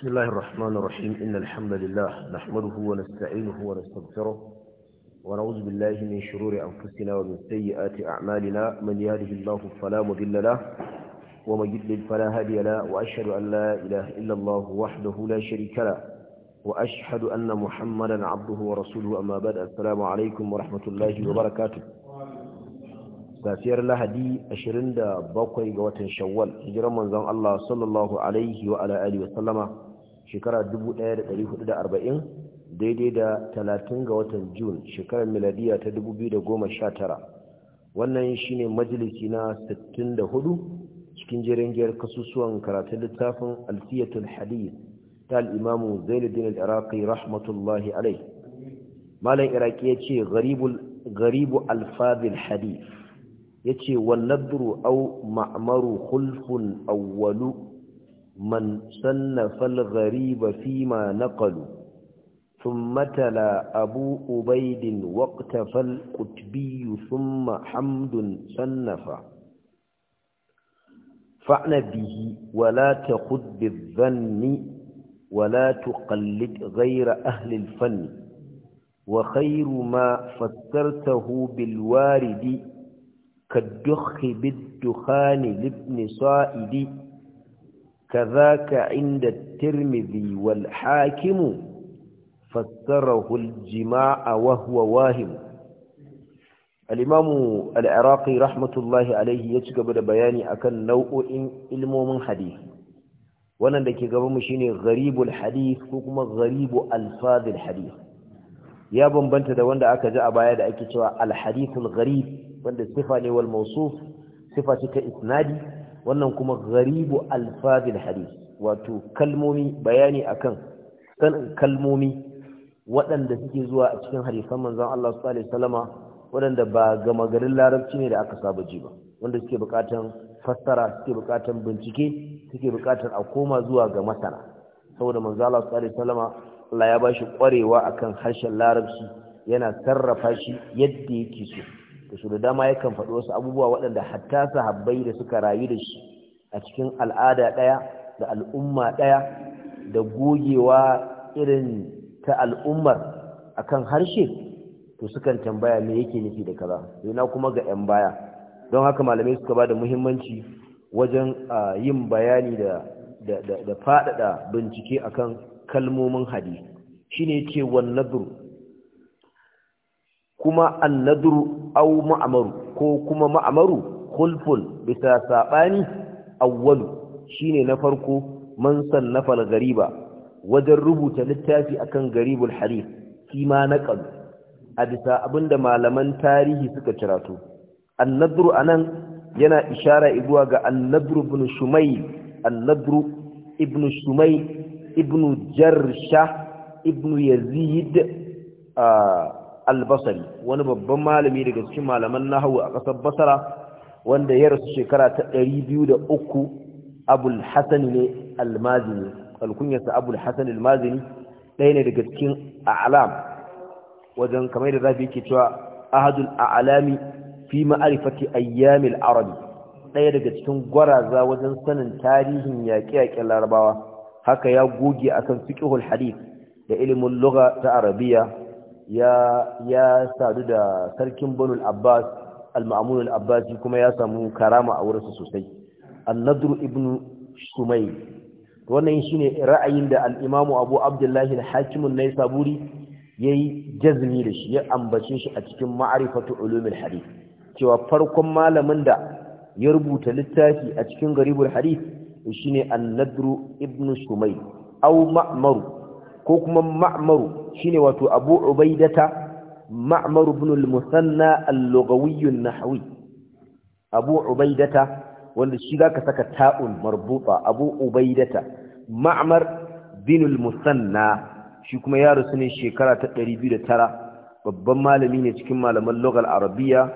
بسم الله الرحمن الرحيم إن الحمد لله نحمده ونستعينه ونستغفره ونعوذ بالله من شرور أنفسنا ومن سيئات أعمالنا من يهده الله فلا مضل له ومن يضلل فلا هادي له وأشهد أن لا إله إلا الله وحده لا شريك له وأشهد أن محمدا عبده ورسوله أما بعد السلام عليكم ورحمة الله وبركاته safiyar lahadi 27 ga watan shawwal hijiran manzon Allah sallallahu alaihi wa ala alihi wa sallama shekara 1440 daidai da 30 ga watan Jun shekarar miladiya ta 2019 wannan shine majalisi na 64 cikin jirangiyar kasusuwan karatun littafin Alfiyatul Hadith ta al-Imam Zainuddin al-Iraqi rahmatullahi alai malam Iraqi yace ce gharibu alfazil hadith yace wannan duru au ma'maru khulfun awwalu من صنف الغريب فيما نقلوا ثم تلا أبو أبيد واقتفى القتبي ثم حمد صنف فعن به ولا تخذ بالظن ولا تقلد غير أهل الفن وخير ما فسرته بالوارد كالدخ بالدخان لابن صائد كذاك عند الترمذي والحاكم فسره الجماع وهو واهم الإمام العراقي رحمة الله عليه يتكب بياني أكن نوء علم من حديث wannan da ke gabanmu shine gharibul hadith ko kuma gharibu alfazil hadith ya bambanta da wanda aka ji a baya da ake cewa alhadithul gharib wanda sifa ne wal mawsuf sifa ce ta isnadi wannan kuma gharibu alfazil hadith wato kalmomi bayani akan sanin kalmomi waɗanda suke zuwa a cikin hadisan manzon Allah sallallahu alaihi wasallama waɗanda ba gama garin larabci ne da aka saba ji ba wanda suke buƙatan fassara suke buƙatan bincike suke buƙatan a koma zuwa ga masana saboda manzon Allah sallallahu alaihi wasallama Allah ya bashi ƙwarewa akan harshen larabci yana sarrafa shi yadda yake so da su da dama yakan faɗo wasu abubuwa waɗanda hatta sahabbai da suka rayu da shi a cikin al'ada ɗaya da al'umma ɗaya da gogewa irin ta al'ummar akan harshe to sukan tambaya me yake nufi da kaza yana kuma ga 'yan baya don haka malamai suka ba da muhimmanci wajen yin bayani da faɗaɗa bincike akan kalmomin hadisi shine ce wan kuma annadru au ma'amaru ko kuma ma'amaru hulful bisa saɓani awwalu shine na farko man sannafa gariba wajen rubuta littafi akan garibul hadith kima naqal a bisa abinda malaman tarihi suka cirato annadru anan yana ishara zuwa ga annadru ibn Shumai, annadru ibn Shumai, ibn jarsha ibn yazid ah, albasari wani babban malami daga cikin malaman nahawu a ƙasar basara wanda ya rasu shekara ta 203 abul da ne almazini alkunyarsa abul almazini ɗaya ne daga cikin a'lam wajen kamar da zafi yake cewa ahadul a'lami fi ma'arifati ayyamil arabi ɗaya daga cikin gwaraza wajen sanin tarihin yaƙi yaƙen larabawa haka ya goge akan fiƙihul hadith da ilimin luga ta arabiya ya sadu da sarkin banul abbas al-ma'amun al-abbasi kuma ya samu karama a wurinsa sosai an-nadru ibn sumayl wannan shine ra'ayin da al-imamu abu abdullahi al-hakim an-naisaburi yayi jazmi da shi ya ambace shi a cikin ma'rifatu ulumul hadith cewa farkon malamin da ya rubuta littafi a cikin garibul hadith shine an-nadru ibn sumayl aw ma'mar ko kuma ma'maru shine wato abu ubaidata ma'maru ibn al-musanna al-lughawi nahwi abu ubaidata wanda shi zaka saka ta'un marbuta abu ubaidata ma'mar bin musanna shi kuma ya rusu ne shekara ta 209 babban malami ne cikin malaman logal arabiya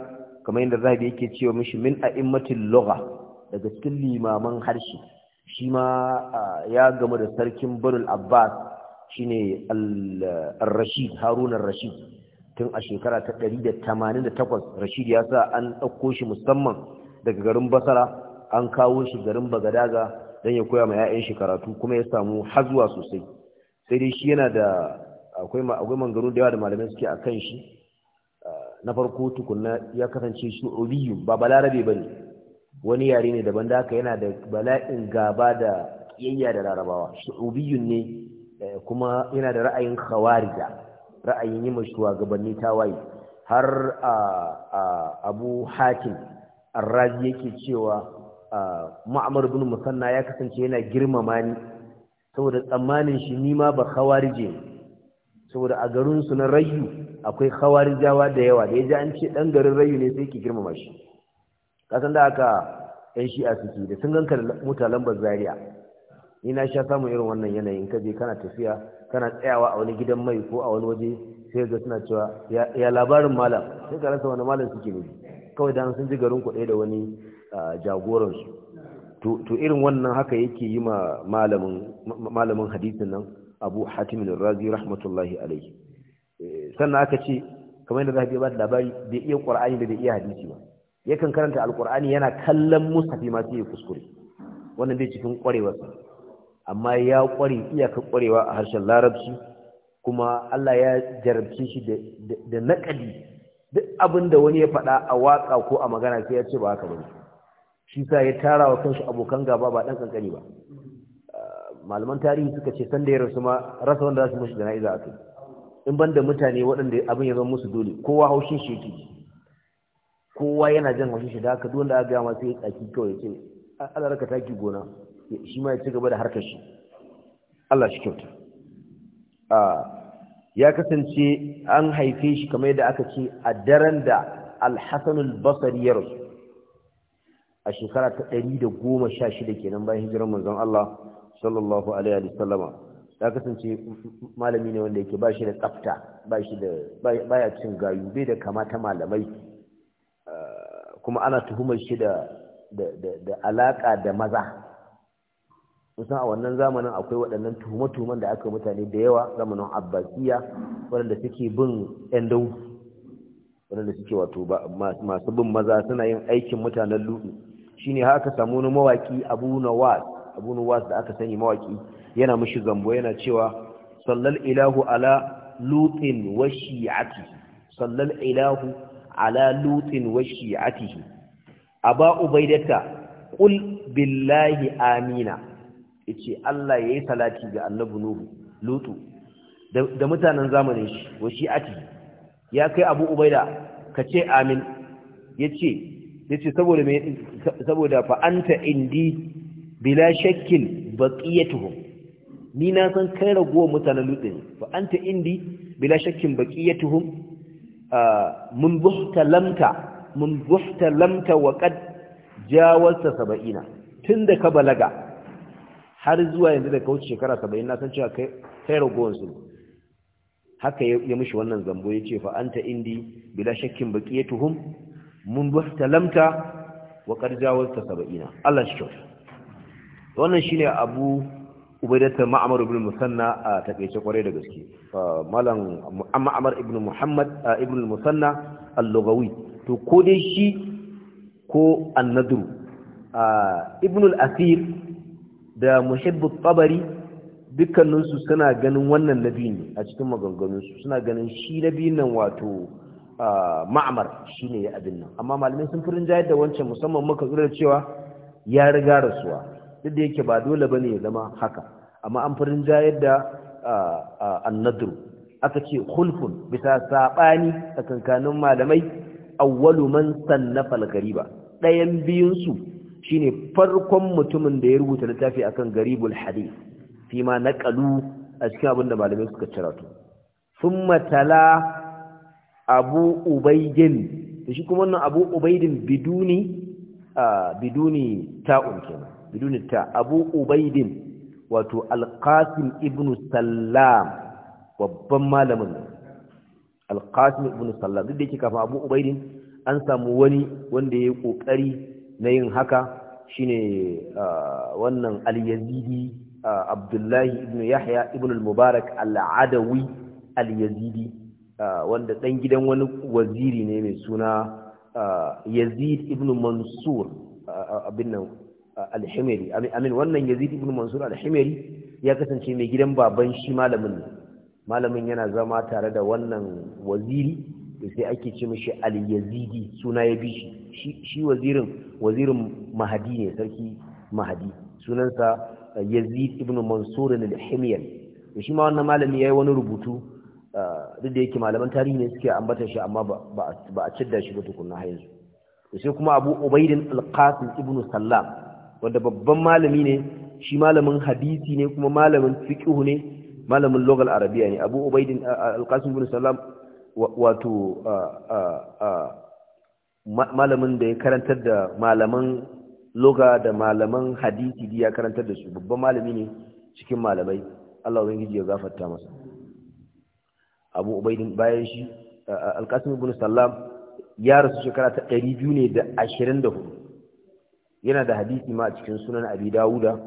kamar yadda zahabi yake cewa mashi min a immatin Loga. daga cikin limaman harshe shi ma ah, ya gamu da sarkin banul abbas ne al-rashid harun rashid tun a shekara ta 188 rashid ya sa an ɗauko shi musamman daga garin basara an kawo shi garin bagadaga don ya koya ma 'ya'yan shi karatu kuma ya samu hazuwa sosai sai dai shi yana da akwai mangaru da yawa da malamai suke a kan shi na farko tukunna ya kasance shi obiyu ba balarabe ba ne wani yare ne daban da haka yana da bala'in gaba da ƙiyayya da larabawa shi ne Eh, kuma yana da ra'ayin khawarija ra'ayin yi mashuwa ta tawaye har abu hakim arrazi yake cewa ma'amar bin musanna ya kasance yana girmama ni saboda tsammanin shi nima ba khawarije saboda a garinsu na rayu akwai khawarijawa da yawa da ya ji an ce ɗan garin rayu ne sai yake girmama shi kasan da aka yan shi'a suke da sun ganka da lambar ni na sha samun irin wannan yanayin kaje kana tafiya kana tsayawa a wani gidan mai ko a wani waje sai ga suna cewa ya labarin malam sai ka rasa wani malam suke ne kawai dan sun ji garin kuɗe da wani jagoransu to irin wannan haka yake yi ma malamin malamin hadisin nan Abu Hatim al-Razi rahmatullahi alayhi eh, sannan aka ce kamar yadda zahabi ba labari bai iya Qur'ani da bai iya hadisi ba yakan karanta al-Qur'ani yana kallon musafi ma sai ya kuskure wannan bai cikin kwarewarsa amma ya kware iyaka kwarewa a harshen larabci kuma Allah ya jarabce shi da naƙadi duk abin da wani ya faɗa a waƙa ko a magana sai ya ce ba haka bane shi sa ya tara wa kanshi abokan gaba ba ɗan ƙanƙani ba ah, malaman tarihi suka ce sanda ya rasu ma rasa wanda za su mashi jana'iza a kai in banda mutane waɗanda abin ya zama musu dole kowa haushin shi yake kowa yana jan haushin shi da haka duk wanda aka gaya ma sai ya tsaki kawai ya ce an taki gona shi ma ya ci gaba da harkar shi Allah shi kyauta ya kasance an haife shi kamar yadda aka ce a daren da Alhassanul albasari ya rasu a shekara ta ɗari da goma sha kenan bayan hijiran manzon Allah sallallahu alaihi wa sallama ya kasance malami ne wanda yake ba shi da tsafta ba shi da baya cin gayu bai da kamata malamai kuma ana tuhumar shi da da da alaka da maza kusan a wannan zamanin akwai waɗannan tuhume-tuhumen da aka mutane da yawa zamanin abbasiya waɗanda suke bin yan dau waɗanda suke wato masu bin maza suna yin aikin mutanen ludu shine haka samu wani mawaki abu nawas abu nawas da aka sani mawaki yana mishi zambo yana cewa sallal ilahu ala lutin wa shi'ati sallal ilahu ala lutin wa shi'atihi aba ubaidata qul billahi amina yace Allah yayi salati ga annabi nuhu lutu da mutanen zamanin shi wa shi'ati ya kai abu ubaida kace amin yace yace saboda me saboda fa anta indi bila shakkin baqiyatuhum ni na san kai ragowa mutanen lutu ne fa anta indi bila shakkin baqiyatuhum mun buhtalamta mun buhtalamta wa qad jawalta sab'ina tunda ka balaga har zuwa yanzu da kauce shekara saba'in na san cewa kai ragowansu haka ya mishi wannan zambo ya ce fa'anta indi bila shakkin baki ya tuhum mun ba lamta wa ƙarjawar ta saba'ina Allah shi kyau wannan shi ne abu ubaidatar ma'amar ibn musanna a takaice kwarai da gaske malam ma'amar ibn muhammad ibn musanna ko dai shi ko annadru ibn al-asir da muhibbu tabari dukkaninsu suna ganin wannan nabi ne a cikin maganganunsu suna ganin shi nabi nan wato ma'amar shi ne abin nan amma malamai sun furin jayar da wancan musamman muka zura cewa ya riga rasuwa duk da yake ba dole ba ne ya zama haka amma an furin jayar da annadru aka ce hulfun bisa saɓani a tsakankanin malamai awwalu man sannafa al-gariba ɗayan biyunsu shine farkon mutumin da ya rubuta littafi akan garibul hadith fi ma naƙalu a cikin abin da malamai suka cirato thumma tala abu ubaydin shi kuma wannan abu ubaydin biduni biduni ta'un kenan biduni ta abu ubaydin wato alqasim ibn sallam babban malamin alqasim ibn sallam duk da yake kafin abu ubaydin an samu wani wanda ya yi ƙoƙari. na yin haka shine ah, wannan al-yazidi ah, abdullahi ibn yahya ibn al-mubarak al-adawi al-yazidi ah, wanda dan gidan wani waziri ne mai suna yazid ibn mansur Abinnan. al-himari amin wannan yazid ibn mansur al-himari ya kasance mai gidan baban shi malamin malamin yana zama tare da wannan waziri to sai ake ce mishi al-yazidi suna ya bi shi shi wazirin wazirin mahadi ne sarki mahadi sunansa uh, yazid ibn mansur al-himyar shi ma wannan malami yayi wani rubutu uh, duk da yake malaman tarihi ne suke ambata shi amma ba a cidda shi ba tukunna har yanzu sai kuma abu ubaidin al-qasim ibn sallam wanda babban malami ne shi malamin hadisi ne kuma malamin fiqh ne malamin lugal arabiya ne abu ubaidin uh, al-qasim ibn sallam wato malamin da ya karantar da malaman loga da malaman hadisi ya karantar da su babban malami ne cikin malamai Allah ubangiji ya gafarta masa Abu Ubaidin bayan shi Al-Qasim ibn Sallam ya rasu shekara ta ne da hudu. yana da hadisi ma cikin sunan Abi Dawuda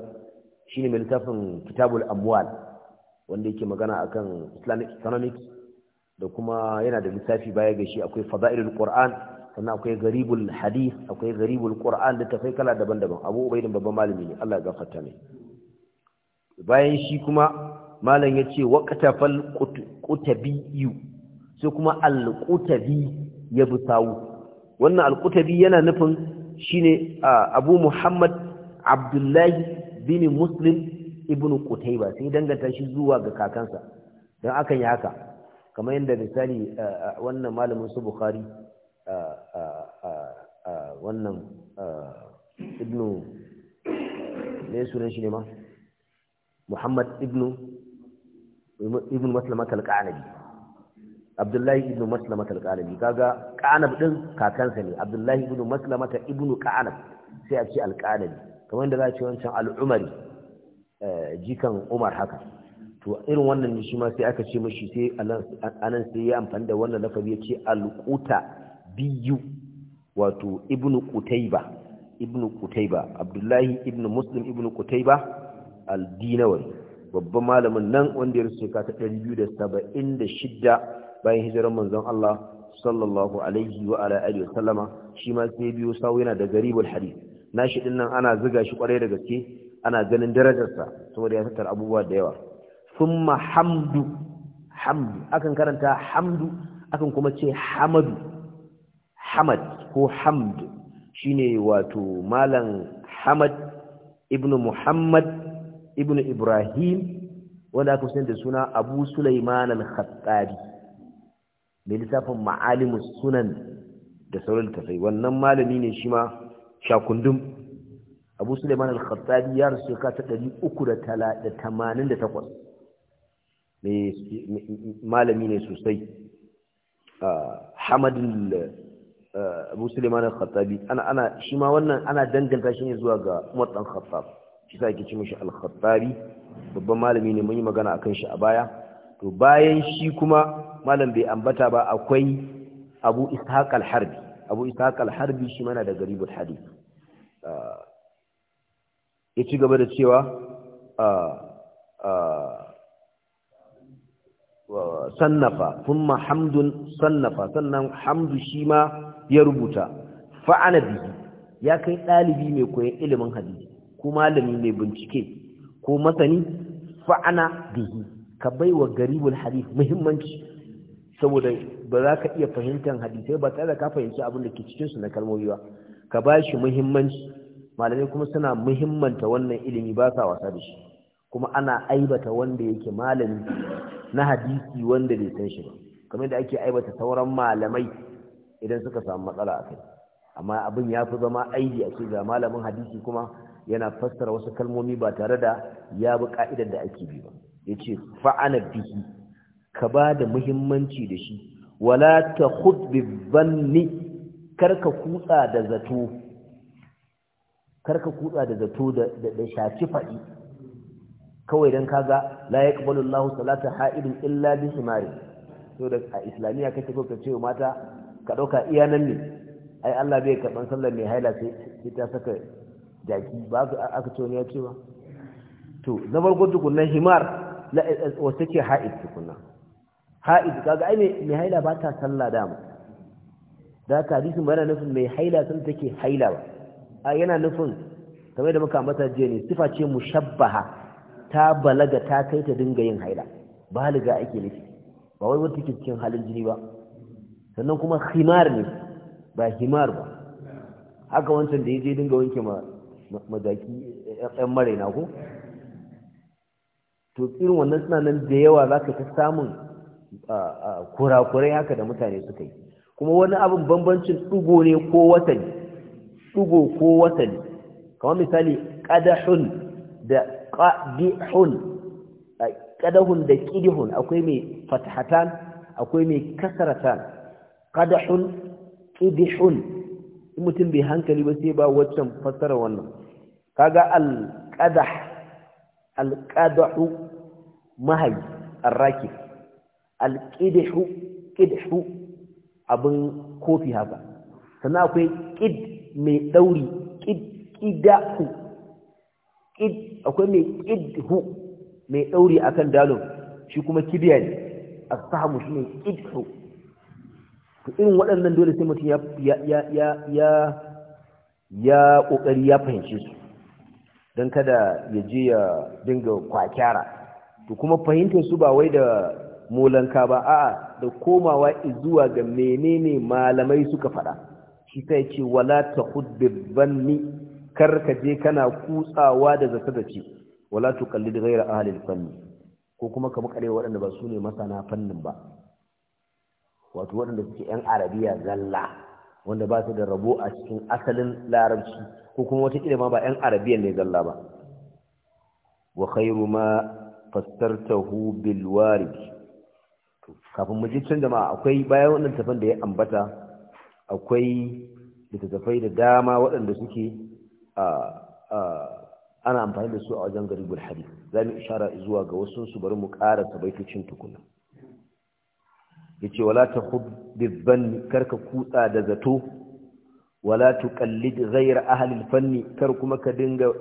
shine mai littafin Kitabul Amwal wanda yake magana akan Islamic economics da kuma yana da littafi baya ga shi akwai fada'ilul qur'an sannan akwai garibul hadith akwai garibul qur'an littafai kala daban-daban abu ubaidin babban malami ne Allah ya gafarta ne. bayan shi kuma malam yace waqtafal qutabi sai kuma al-qutabi ya busawu wannan al-qutabi yana nufin shine abu muhammad abdullahi bin muslim ibn qutayba sai danganta shi zuwa ga kakansa dan akan yi haka kamar yadda misali wannan malamin su a wannan ibnu ne sunan shi ne ma muhammad ibnu ibnu maslama kalqanabi abdullahi ibnu maslama kalqanabi kaga qanab din kakansa ne abdullahi ibnu maslama ta ibnu qanab sai a ce alqanabi kamar yadda za a ce wancan al'umari eh, jikan umar haka to irin wannan ne shi ma sai aka ce mashi sai anan sai ya amfani da wannan lafazi ya ce alquta biyu wato ibnu qutayba ibnu qutayba abdullahi ibnu muslim ibnu qutayba al-dinawi babban malamin nan wanda ya shekara ta 276 bayan hijirar manzon Allah sallallahu alaihi wa ala alihi sallama shi ma sai biyo sawo yana da garibul hadith nashi dinnan ana ziga shi kwarai da gaske ana ganin darajarsa saboda ya tattara abubuwa da yawa thumma hamdu hamdu akan karanta hamdu akan kuma ce hamadu hamad ko hamd shine wato malam hamad ibn muhammad ibn ibrahim wanda aka da suna abu sulaiman al-khattabi mai littafin ma'alimus sunan da sauran tafai wannan malami ne shi ma shakundum abu suleiman al-khattabi ya rasu ka ta 388 malami ne sosai ah, hamadul musulman ah, al-khattabi ana shi ma wannan ana danganta shi ne zuwa ga umar dan khattab shi sa yake ce al-khattabi babban malami ne mun yi magana akan shi a baya to bayan shi kuma malam bai ambata ba akwai abu ishaq al-harbi abu ishaq al-harbi shi mana da garibul hadith ah, ya ci gaba da cewa sannafa thumma hamdun sannafa sannan hamdu shi ma ya rubuta fa'ana bihi ya kai ɗalibi mai koyon ilimin hadisi ko malami mai bincike ko masani fa'ana bihi ka baiwa garibul hadith muhimmanci saboda ba za ka iya fahimtar hadisai ba tare da ka fahimci abin da ke cikin su na kalmomi ba ka bashi muhimmanci malamai kuma suna muhimmanta wannan ilimi ba sa wasa da shi kuma ana aibata wanda yake malami na hadisi wanda bai san shi ba kamar da ake aibata sauran malamai idan suka samu matsala a kai amma abin ya fi zama aibi a ce ga malamin hadisi kuma yana fassara wasu kalmomi ba tare da ya bi ka'idar da ake bi ba ya ce fa'ana bihi ka ba da muhimmanci da shi wala ta hudbi banni karka kutsa da zato karka kutsa da zato da shafi faɗi kawai don kaga la yaqbalu Allahu salata ha'idin illa bi himari to da a islamiya kake ko ka ce mata ka dauka iya nan ne ai Allah bai karban sallar mai haila sai ta saka jaki ba aka ce ne ya ce ba to na farko tukunna himar wacce ce ha'id tukunna ha'id kaga ai mai haila ba ta sallah dama da ka hadisin ba yana nufin mai haila sun take haila ba a yana nufin kamar da muka ambata jiya ne sifa ce mushabbaha ta balaga ta kai ta dinga yin haila baliga ake nufi ba wai wata cikin halin jini ba sannan kuma himar ne ba himar ba haka wancan da ya je dinga wanke mazaki mare maraina ko to irin wannan suna nan da yawa za ka ta samun kurakurai haka da mutane suka yi kuma wani abin bambancin ɗugo ne ko watani ɗugo ko watani kamar misali ƙadahun da qadihun qadahun da qidihun akwai mai fathatan akwai mai kasratan qadahun qidihun mutum bai hankali ba sai ba waccan fassara wannan kaga al qadah al qadahu mahay arraki al qidihu abin kofi haka sannan akwai ƙid mai ɗauri ƙida ku id akwai mai idhu mai dauri akan dalo shi kuma kibiya ne a shi ne to irin waɗannan dole sai mutum ya ƙoƙari ya fahimce su dan kada ya je ya dinga kwakyara to kuma fahimtar su ba wai da molanka ba a'a da komawa zuwa ga menene malamai suka faɗa shi sai ce wala ta hudbir kar ka je kana kutsawa da zata zace wala tuqallid ghayra ahli al-fanni ko kuma ka makare waɗanda ba su ne masana fannin ba wato waɗanda suke yan arabiya zalla wanda ba su da rabo a cikin asalin larabci ko kuma wata ma ba yan arabiyan ne zalla ba wa khairu ma fassartahu bil warid kafin mu ji can jama'a akwai bayan wannan tafan da ya ambata akwai littattafai da dama waɗanda suke ana amfani da su a wajen gari hadith za mu ishara zuwa ga wasu su bari mu ƙara baitocin tukuna yace wala takhud kar karka kutsa da zato wala tuqallid ghayra ahli al-fanni kar kuma ka dinga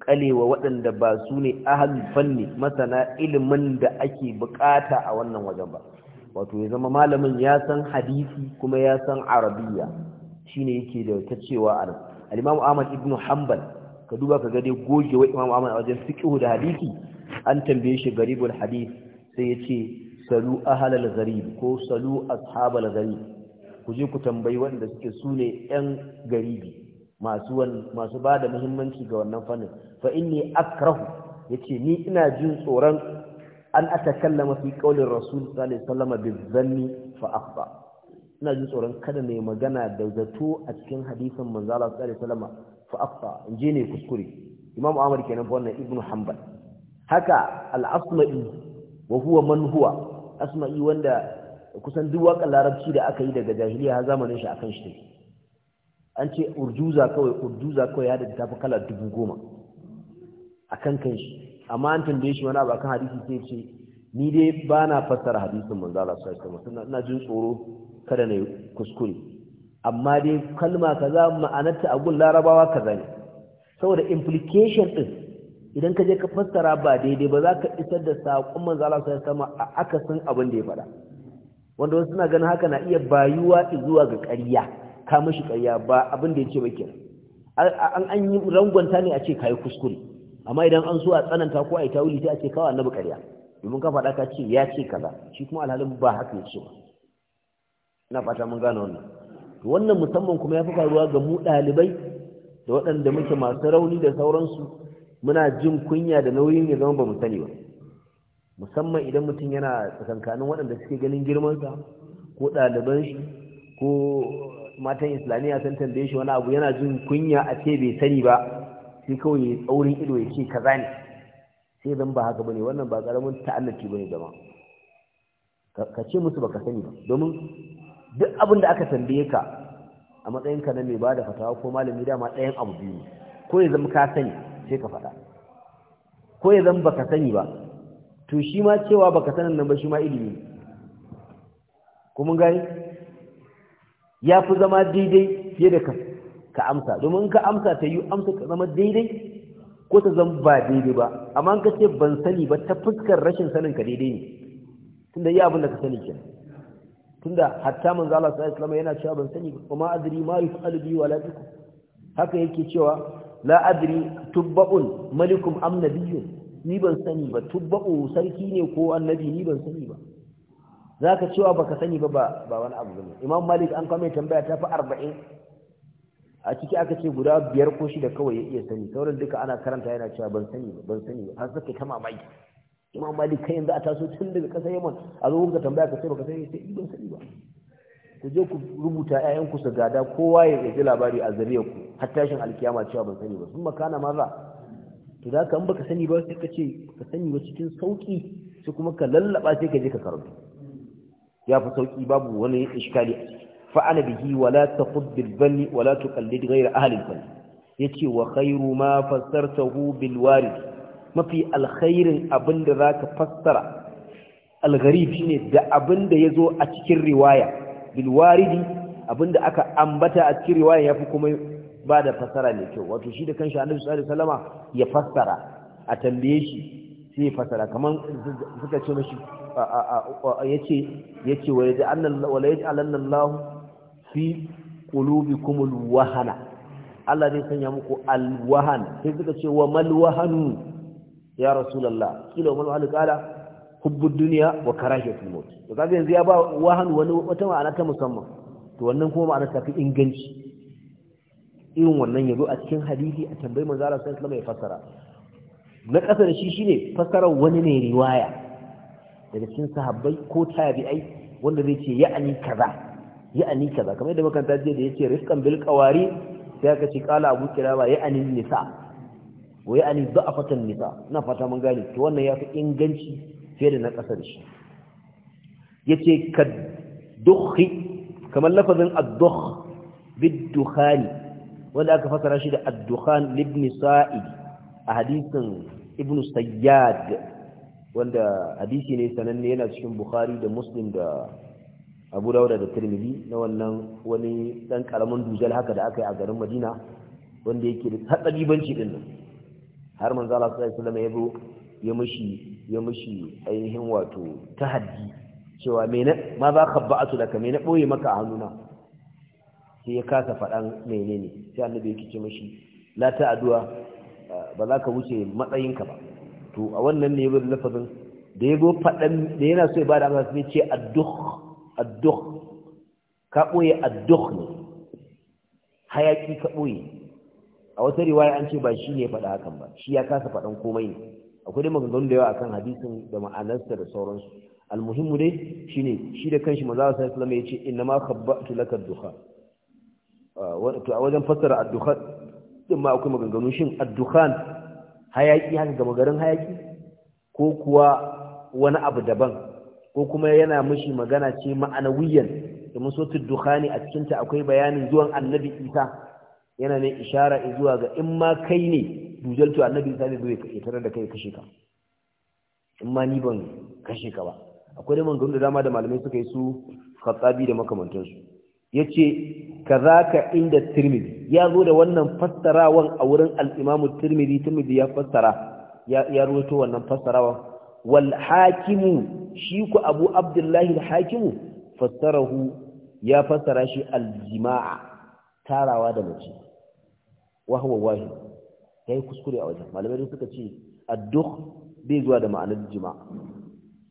kalewa waɗanda ba su ne ahli fanni masana ilimin da ake bukata a wannan wajen ba wato ya zama malamin ya san hadisi kuma ya san arabiya shine yake da ta cewa anan al Ahmad ibn Hanbal ka duba ka ga dai gogewa Imam Ahmad a wajen fiqh da hadisi an tambaye shi garibul hadith sai yace salu ahlal gharib ko salu ashabal gharib ku je ku tambayi wanda suke sune yan garibi masu masu bada muhimmanci ga wannan fannin fa inni akrahu yace ni ina jin tsoron an atakallama fi qaulir rasul sallallahu alaihi wasallam bizanni fa akhba ina jin tsoron kada mai magana da zato a cikin hadisin Manzala. Allah sallallahu alaihi wasallam fa afta in je ne kuskure Imam Ahmad kenan fa wannan Ibn Hanbal haka al-Asma'i wa huwa man huwa Asma'i wanda kusan duk waƙar larabci da aka yi daga jahiliya har zamanin shi akan shi take an ce urjuza kawai urjuza kawai ya da tafi kala dubu goma akan kan shi amma an tambaye shi wani abu akan hadisi sai ce ni dai ba na fassara hadisin manzala sallallahu alaihi wasallam ina jin tsoro kada na kuskure amma dai kalma kaza ma'anarta a gun larabawa kaza ne saboda implication din idan ka je ka fassara ba daidai ba za ka isar da saƙon manzo Allah sai sama a akasin abin da ya faɗa wanda wasu suna ganin haka na iya bayuwa zuwa ga ƙarya ka mishi ƙarya ba abin da yake ba an an yi rangwanta ne a ce kai kuskure amma idan an so a tsananta ko a yi tawili sai a ce kawai annabi ƙarya domin ka faɗa ka ce ya ce kaza shi kuma alhalin ba haka ya ba ina fata mun gane wannan wannan musamman kuma ya fi faruwa ga mu ɗalibai da waɗanda muke masu rauni da sauransu muna jin kunya da nauyin ya zama ba mu sani ba musamman idan mutum yana tsakankanin waɗanda suke ganin girmansa ko ɗaliban shi ko matan islamiyya sun tambaye shi wani abu yana jin kunya a ce bai sani ba sai kawai ya tsaurin ido ya ce kaza ne sai zan ba haka bane wannan ba karamin ta'annaci bane zama ka ce musu baka sani ba domin duk abin da aka tambaye ka a matsayinka na mai ba da fatawa ko malami dama ɗayan abu biyu ko ya zama ka sani sai ka faɗa ko ya zama baka sani ba to shi ma cewa baka sanin nan ba shi ma ilimi kuma gani ya fi zama daidai fiye da ka amsa domin ka amsa ta yi amsa ka zama daidai ko ta zama ba daidai ba amma ka ce ban sani ba ta fuskar rashin sanin ka daidai ne tunda yi abin da ka sani kenan tunda hatta manzo Allah sallallahu alaihi yana cewa ban sani ba kuma adri ma yufalu bi wala bikum haka yake cewa la adri tubba'un malikum am nabiyyun ni ban sani ba tubba'u sarki ne ko annabi ni ban sani ba zaka cewa baka sani ba ba wani abu bane imam malik an kame tambaya ta fi 40 a ciki aka ce guda biyar ko shida kawai ya iya sani sauran duka ana karanta yana cewa ban sani ba ban sani ba har suka ta mamaki imam malik kai yanzu a taso tun daga kasar yaman a zo kuka tambaya ka sai baka sai sai ibn sani ba ku je ku rubuta ƴaƴan ku su gada kowa ya ji labari a zariyar ku har tashin alkiyama cewa ban sani ba sun makana maza to da an baka sani ba sai ka ce ka sani ba cikin sauki sai kuma ka lallaba sai ka je ka karanta ya fi sauki babu wani iskali fa'ala bihi wala taqud bil banni wala tuqallid ghayra ahli al yace wa khayru ma fassartahu bil warid mafi alkhairin abin da za ka fassara algharib shine da abin da ya zo a cikin riwaya bilwaridi abin da aka ambata a cikin riwaya ya fi kuma ba da fassara mai kyau wato shi da kanshi annabi sallallahu alaihi wasallama ya fassara a tambaye shi sai ya fassara kaman suka ce mashi yace yace wa yaj'alna Allah fi qulubikum alwahana Allah zai sanya muku alwahan sai suka ce wa mal ya rasulullah kila umar malik kala, hubbud duniya wa karahiyatul maut to kaga yanzu ya ba wahan wani wata ma'ana ta musamman to wannan kuma ma'ana ta fi inganci irin wannan yazo a cikin hadisi a tambayi manzo Allah sallallahu alaihi ya fassara na ƙasa da shi shine fassarar wani ne riwaya daga cikin sahabbai ko tabi'ai wanda zai ce ya'ani kaza ya'ani kaza kamar yadda makanta jiya da yace rifqan bil qawari sai aka ce qala abu kiraba ya'ani nisa wa ya ani fatan nisa ina fata mun gane to wannan fi inganci fiye da na ƙasar shi. shi ce ka dukhi kamar lafazin ad-dukh wanda aka fasara shi da ad-dukhan sa'id a hadisin ibn sayyad wanda hadisi ne sananne yana cikin bukhari da muslim da abu dauda da tirmidhi na wannan wani dan karamin dujal haka da aka yi a garin madina wanda yake da hatsari banci din nan har manzo Allah sallallahu alaihi wasallam ya mushi ya mushi ainihin wato tahaddi cewa me na ma za ka ba'atu laka me na boye maka hannuna sai ya kasa faɗan menene sai annabi yake ce mushi la ta addu'a ba za ka wuce matsayinka ba to a wannan ne yabo lafazin da ya fadan da yana so ya bada amsa sai ce addukh ka boye addukh ne hayaki ka boye a wata riwaya an ce ba shi ne ya faɗa hakan ba shi ya kasa faɗan komai ne akwai dai maganganu da yawa akan hadisin da ma'anarsa da sauransu almuhimmu dai shine shi da kanshi manzo sallallahu alaihi wasallam ya ce inna ma khabbatu laka ad to a wajen fassara ad-dukhan din ma akwai maganganu shin ad-dukhan hayaki haka gama garin hayaki ko kuwa wani abu daban ko kuma yana mishi magana ce ma'anawiyan da musotul dukhani a cikinta akwai bayanin zuwan annabi isa yana ne ishara zuwa ga in ma kai ne dujaltu annabi isa zai zo ya da kai kashe ka in ma ni ban kashe ka ba akwai da mangaru da dama da malamai suka yi su khattabi da makamantansu yace ka inda tirmidhi ya zo da wannan fassarawan a wurin al-imamu tirmidhi tirmidhi ya fassara ya ya ruwato wannan fassarawan wal hakimu shi ku abu abdullahi al-hakimu fassarahu ya fassara shi al-jima'a tarawa da mace wa huwa wahid yayi kuskure a wajen malamai suka ce addukh bai zuwa da ma'anar jima'a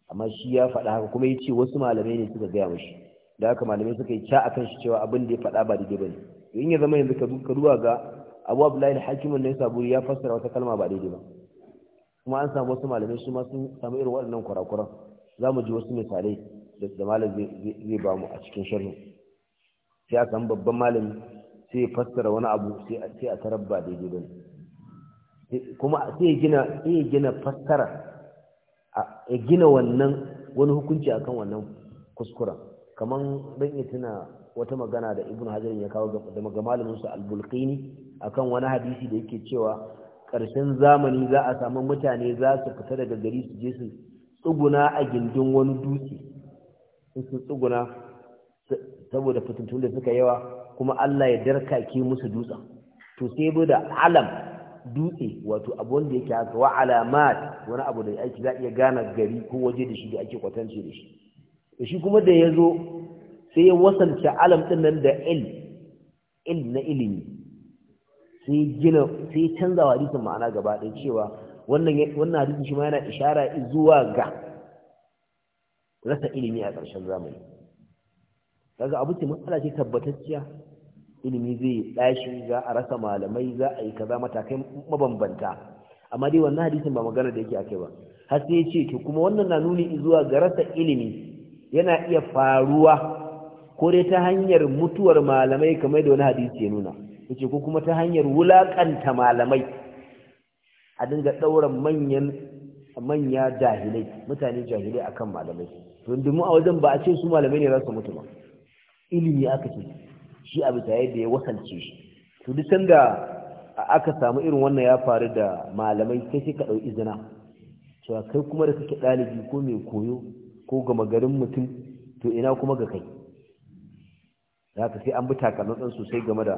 amma shi ya faɗa haka kuma yace wasu malamai ne suka gaya mashi da haka malamai suka yi ca akan shi cewa abin da ya faɗa ba daidai bane to in ya zama yanzu ka ruwa ga Abu Abdullahi al-Hakim ne saburi ya fassara wata kalma ba daidai ba kuma an samu wasu malamai su ma sun samu irin waɗannan kurakuran za mu ji wasu misalai da malam zai ba mu a cikin sharhi sai a san babban malami sai ya fassara wani abu sai a ce a tarabba daidai kuma sai ya gina sai ya gina fassara ya gina wannan wani hukunci akan wannan kuskura kaman dan ya tuna wata magana da Ibn Hajar ya kawo ga malamin su Al-Bulqini akan wani hadisi da yake cewa karshen zamani za a samu mutane za su fita daga gari su je su tsuguna a gindin wani dutse su tsuguna saboda fitintun da suka yawa kuma Allah ya darka ke musu dutsa, to sai bu da alam dutse wato abu wanda yake haka wa alamat wani abu da ake za iya gane gari ko waje da shi da ake kwatance da shi da shi kuma da ya zo sai ya wasanta alam ɗin nan da il il na ilimi sai gina sai canza wa hadisin ma'ana gaba ɗaya cewa wannan wannan hadisin shi ma yana ishara zuwa ga rasa ilimi a ƙarshen zamani kaga abu ce matsala ce tabbatacciya ilimi zai yi ɗashi za a rasa malamai za a yi kaza matakai mabambanta amma dai wannan hadisin ba magana da yake ake ba har sai ce to kuma wannan na nuni zuwa ga rasa ilimi yana iya faruwa ko dai ta hanyar mutuwar malamai kamar da wani hadisi ya nuna yace ko kuma ta hanyar wulakanta malamai a dinga ɗaura manyan manya jahilai mutane jahilai akan malamai domin a wajen ba a ce su malamai ne za su mutu ba ilimi aka ce shi abu ta yadda ya wasance shi to duk sanda aka samu irin wannan ya faru da malamai sai sai ka ɗau izina cewa kai kuma da kake ɗalibi ko mai koyo ko gama garin mutum to ina kuma ga kai haka sai an bi ɗan sosai game da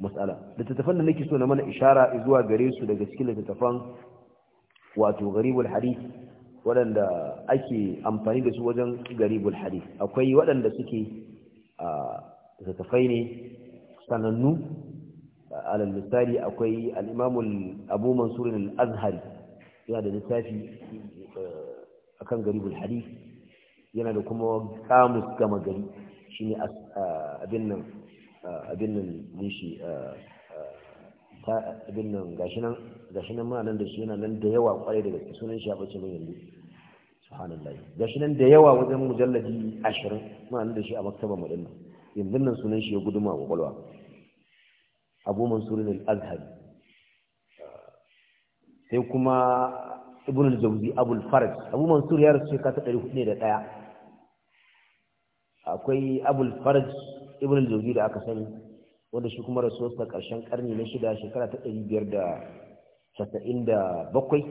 matsala littattafan da nake so na mana ishara zuwa gare su daga cikin littattafan wato garibul hadith waɗanda ake amfani da su wajen garibul hadith akwai waɗanda suke ah, littattafai ne sanannu alal misali akwai al'imamul abu mansurin al'azhari yana da littafi eh, a kan garibul hadith yana da kuma kamus gama gari shi ne abin nan abin nan nishi abin nan gashi nan da shi yana nan da yawa kwarai daga sunan shi a bace mai yanzu subhanallah layi. Gashinan da yawa wajen mujalladi ashirin ma nan da shi a maktaba mu dinnan yanzu nan sunan shi ya guduma kwakwalwa abu mansurin al-azhari sai kuma ibn al-jawzi abu al-faraj abu mansur ya rasu ɗari ne da ɗaya akwai abu al-faraj ibn al-jawzi da aka sani wanda shi kuma rasuwarsa karshen karni na shida shekara ta ɗari biyar da da bakwai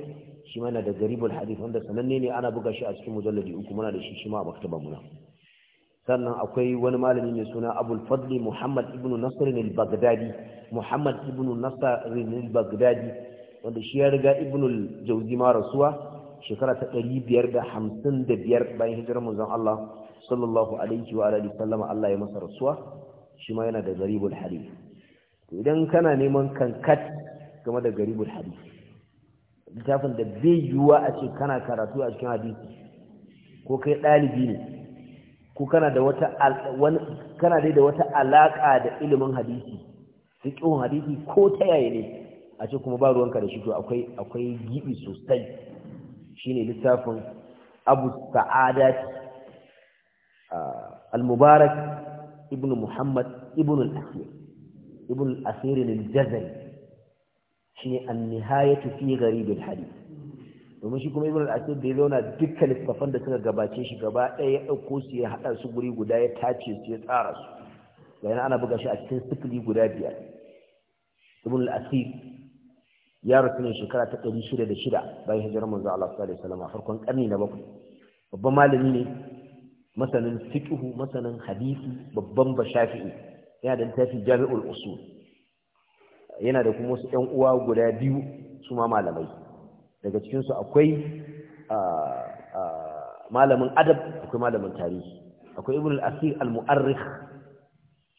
shi mana da garibul hadith wanda sananne ne ana buga shi a cikin mujalladi uku muna da shi shi ma a maktabar muna sannan akwai wani malami mai suna abul fadli muhammad ibn nasirin al-baghdadi muhammad ibn nasirin al-baghdadi wanda shi ya riga ibn al-jauzi ma rasuwa shekara ta 555 bayan hijirar manzon Allah sallallahu alaihi wa alihi sallama Allah ya masa rasuwa shi ma yana da garibul hadith to idan kana neman kankat game da garibul hadith littafin da bai yiwuwa a ce kana karatu a cikin hadisi ko kai ɗalibi ne ko kana da wata wani dai da wata alaka da ilimin hadisi fiqhun hadisi ko ta yaya ne a ce kuma ba ruwanka da shi to akwai akwai gibi sosai shine littafin Abu Sa'adat al-Mubarak ibn Muhammad ibn al-Asir ibn al-Asir al-Jazari shine an-nihayatu fi gharib al-hadith domin shi kuma ibn al-asir da ya zauna dukkan littafan da suka gabace shi gaba ɗaya ya ɗauko su ya haɗa su guri guda ya tace su ya tsara su bayan ana buga shi a cikin sikili guda biyar ibn al-asir ya rufe ne shekara ta ɗari shida da shida bayan hijirar manzo Allah sallallahu alaihi wasallam a farkon ƙarni na bakwai babban malami ne masanin fiqhu masanin hadisi babban bashafi'i yana da littafi jami'ul usul yana da kuma wasu ƴan uwa guda biyu su ma malamai daga cikinsu akwai malamin adab akwai malamin tarihi akwai ibn al-asir al-mu'arrikh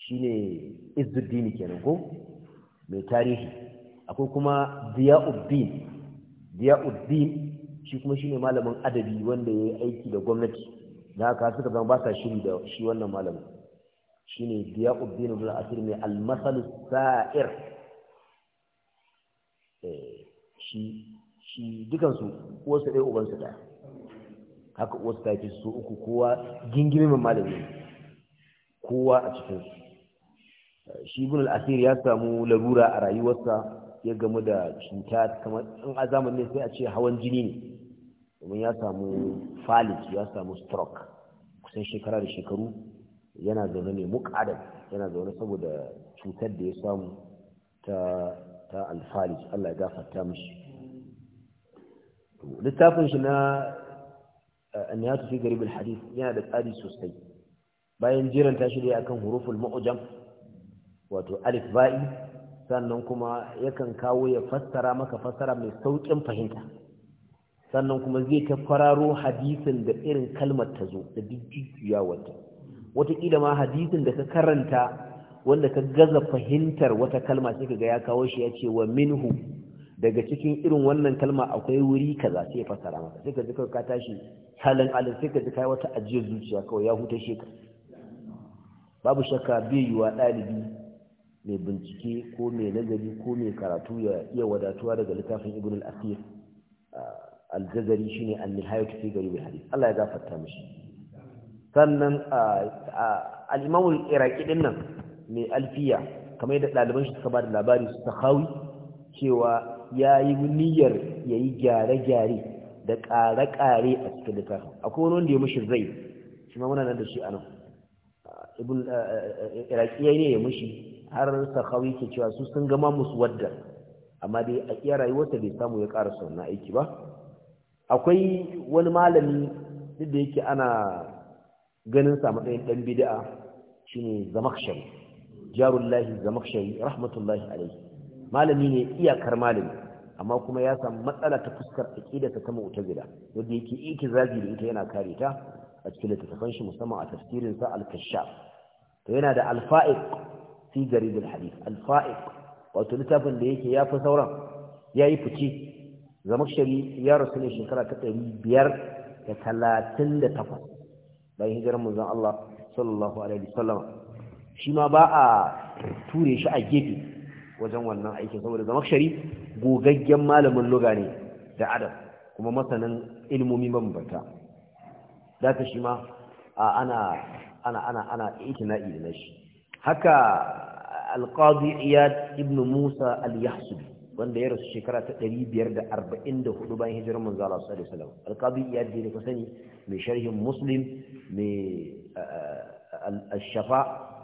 shine izzuddin kenan ko mai tarihi akwai kuma diyauddin diyauddin shi kuma shine malamin adabi wanda yayi aiki da gwamnati da haka suka zama ba sa shiri da shi wannan malamin shine diyauddin ibn al-asir mai al-masal sa'ir eh shi shi dukansu uwarsa ɗaya ubansa ɗaya haka uwarsa ta fi su uku kowa gingirimin malami kowa a cikinsu shi ibn al-asir ya samu larura a rayuwarsa ya gamu da cinta kamar in a zamanin sai a ce hawan jini ne domin ya samu falis ya samu stroke kusan shekara da shekaru yana zaune ne muƙadar yana zaune saboda cutar da ya samu ta ta alfalis Allah ya gafarta mishi littafin shi na eh, anniyatu fi garibin hadith yana da tsari sosai bayan jiran tashi shirya akan huruful ma'ujam wato alif ba'i sannan kuma yakan kawo ya fassara maka fassara mai sauƙin fahimta sannan kuma zai ta fararo hadisin da irin kalmar ta zo da jujjuya wata wataƙila ma hadisin da ka karanta wanda ka gaza fahimtar wata kalma sai ka ga ya kawo shi ya ce wa minhu daga cikin irin wannan kalma akwai wuri kaza sai ya fasara maka sai ka ji ka tashi halin alin sai ka ji wata ajiyar zuciya kawai ya huta shi babu shakka bai yiwa ɗalibi mai bincike ko mai nazari ko mai karatu ya iya wadatuwa daga littafin ibn al-asir ah, al-jazari shine an-nihayatu fi gari mai hadith Allah ya gafarta mishi sannan ah, ah, al-imam din nan mai alfiya kamar yadda ɗaliban shi suka ba da labari su ta cewa ya yi niyyar ya yi gyare-gyare da ƙare-ƙare a cikin littafin akwai wani wanda ya mushi zai shi ma muna nan da shi a nan eh, eh, eh, iraƙiyai ne ya mushi har sakawai ke cewa su sun gama musu wadda amma dai a iya rayuwarsa bai samu ya ƙara sauna aiki ba akwai wani malami duk da yake ana ganin sa matsayin ɗan bida'a shine zamakshari jarullahi zamakshari rahmatullahi alaihi malami ne iyakar malami amma kuma ya samu matsala ta fuskar aqidarsa ta gida. wanda yake iki zabi da ita yana kare ta a cikin littattafan shi musamman a tafsirin sa al-kashaf to yana da al-fa'iq fi jarid al-hadith al-fa'iq wato littafin da yake yafi sauran yayi fice zamakshari ya rasu ne shekara ta 538 bayan hijirar manzon Allah sallallahu alaihi wasallam shi ma ba a ture shi a gefe wajen wannan aikin saboda zamakshari gogaggen malamin luga ne da adam kuma masanin ilmomi mabambanta da ta shi ma ana ana ana ana itina'i da nashi haka alqadi iyad ibn musa al-yahsubi wanda ya rasu shekara ta 544 bayan hijirar manzo Allah sallallahu alaihi wasallam alqadi iyad ne ka sani mai sharhin muslim mai al-shafa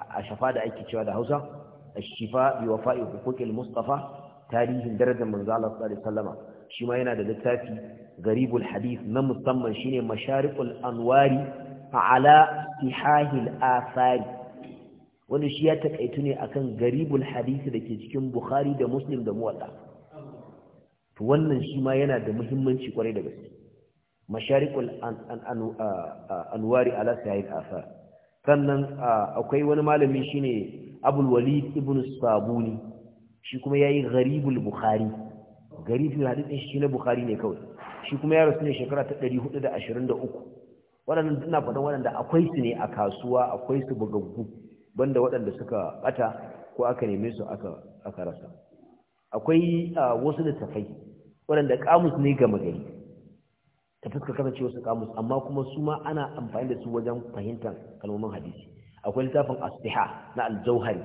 a shafa da ake cewa da Hausa ashifa bi wafa'i hukuki al-mustafa tarihin darajar manzo Allah sallallahu alaihi shi ma yana da littafi garibul hadith na musamman shine masharikul anwari ala tihahi al-afar wanda shi ya takaitu ne akan garibul da ke cikin bukhari da muslim da muwatta to wannan shi ma yana da muhimmanci kwarai da gaske masharikul anwari ala tihahi al-afar sannan akwai wani malami shine abul walid ibn sabuni shi kuma yayi gharibul bukhari gharibul hadith din shi ne bukhari ne kawai shi kuma ya rasu ne shekara ta 423 waɗannan ina faɗan waɗanda akwai su ne a kasuwa akwai su bugaggu banda waɗanda suka bata ko aka neme su aka aka rasa akwai wasu da tafai waɗanda kamus ne ga magari ta fuskar kasance wasu kamus amma kuma su ma ana amfani da su wajen fahimtar kalmomin hadisi akwai littafin asiha na aljauhari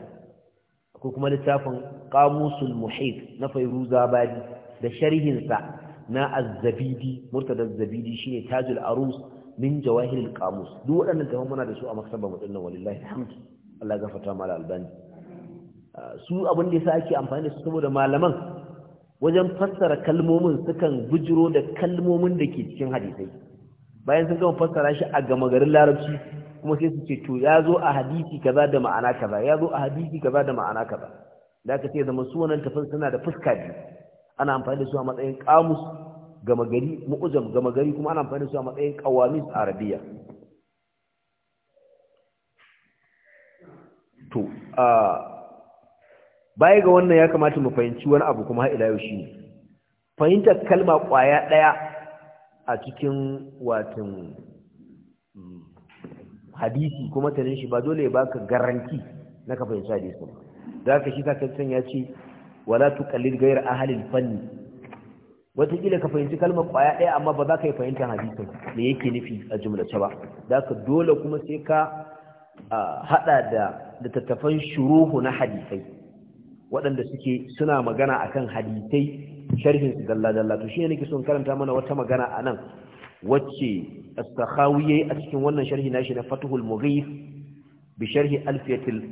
akwai kuma littafin kamusul muhit na fairuza badi da sharhinsa na azzabidi murtada azzabidi shine tajul arus min jawahiril kamus duk waɗannan tafan muna da su a maktaba mu dinnan wallahi alhamdu Allah ya gafarta mala albani su abin da yasa ake amfani da su saboda malaman wajen fassara kalmomin sukan bujiro da kalmomin da ke cikin hadisai bayan sun gama fassara shi a gama garin larabci kuma sai su ce to ya zo a hadisi kaza da ma'ana kaza ya zo a hadisi kaza da ma'ana kaza da aka ce zama su wannan tafin suna da fuska biyu ana amfani da su a matsayin kamus gama gari mu'ujam gama gari kuma ana amfani da su a matsayin qawamis arabiya to a baya ga wannan ya kamata mu fahimci wani abu kuma har ila yau shine fahimtar kalma kwaya daya a cikin watan hadisi kuma ta shi ba dole ba ka garanti na ka fahimci ba da haka shi kaka san ya ce wala tuqallid ghayr ahli al-fanni wataƙila ka fahimci kalmar ƙwaya ɗaya amma ba za ka yi fahimtar hadisin me yake nufi a jumlace ba da haka dole kuma sai ka haɗa da littattafan shuruhu na hadisai waɗanda suke suna magana akan hadisai sharhin su dalla dalla to shine nake son karanta mana wata magana a nan wacce as yayi a cikin wannan sharhi nashi na fathul mughith bi sharhi alfiyatil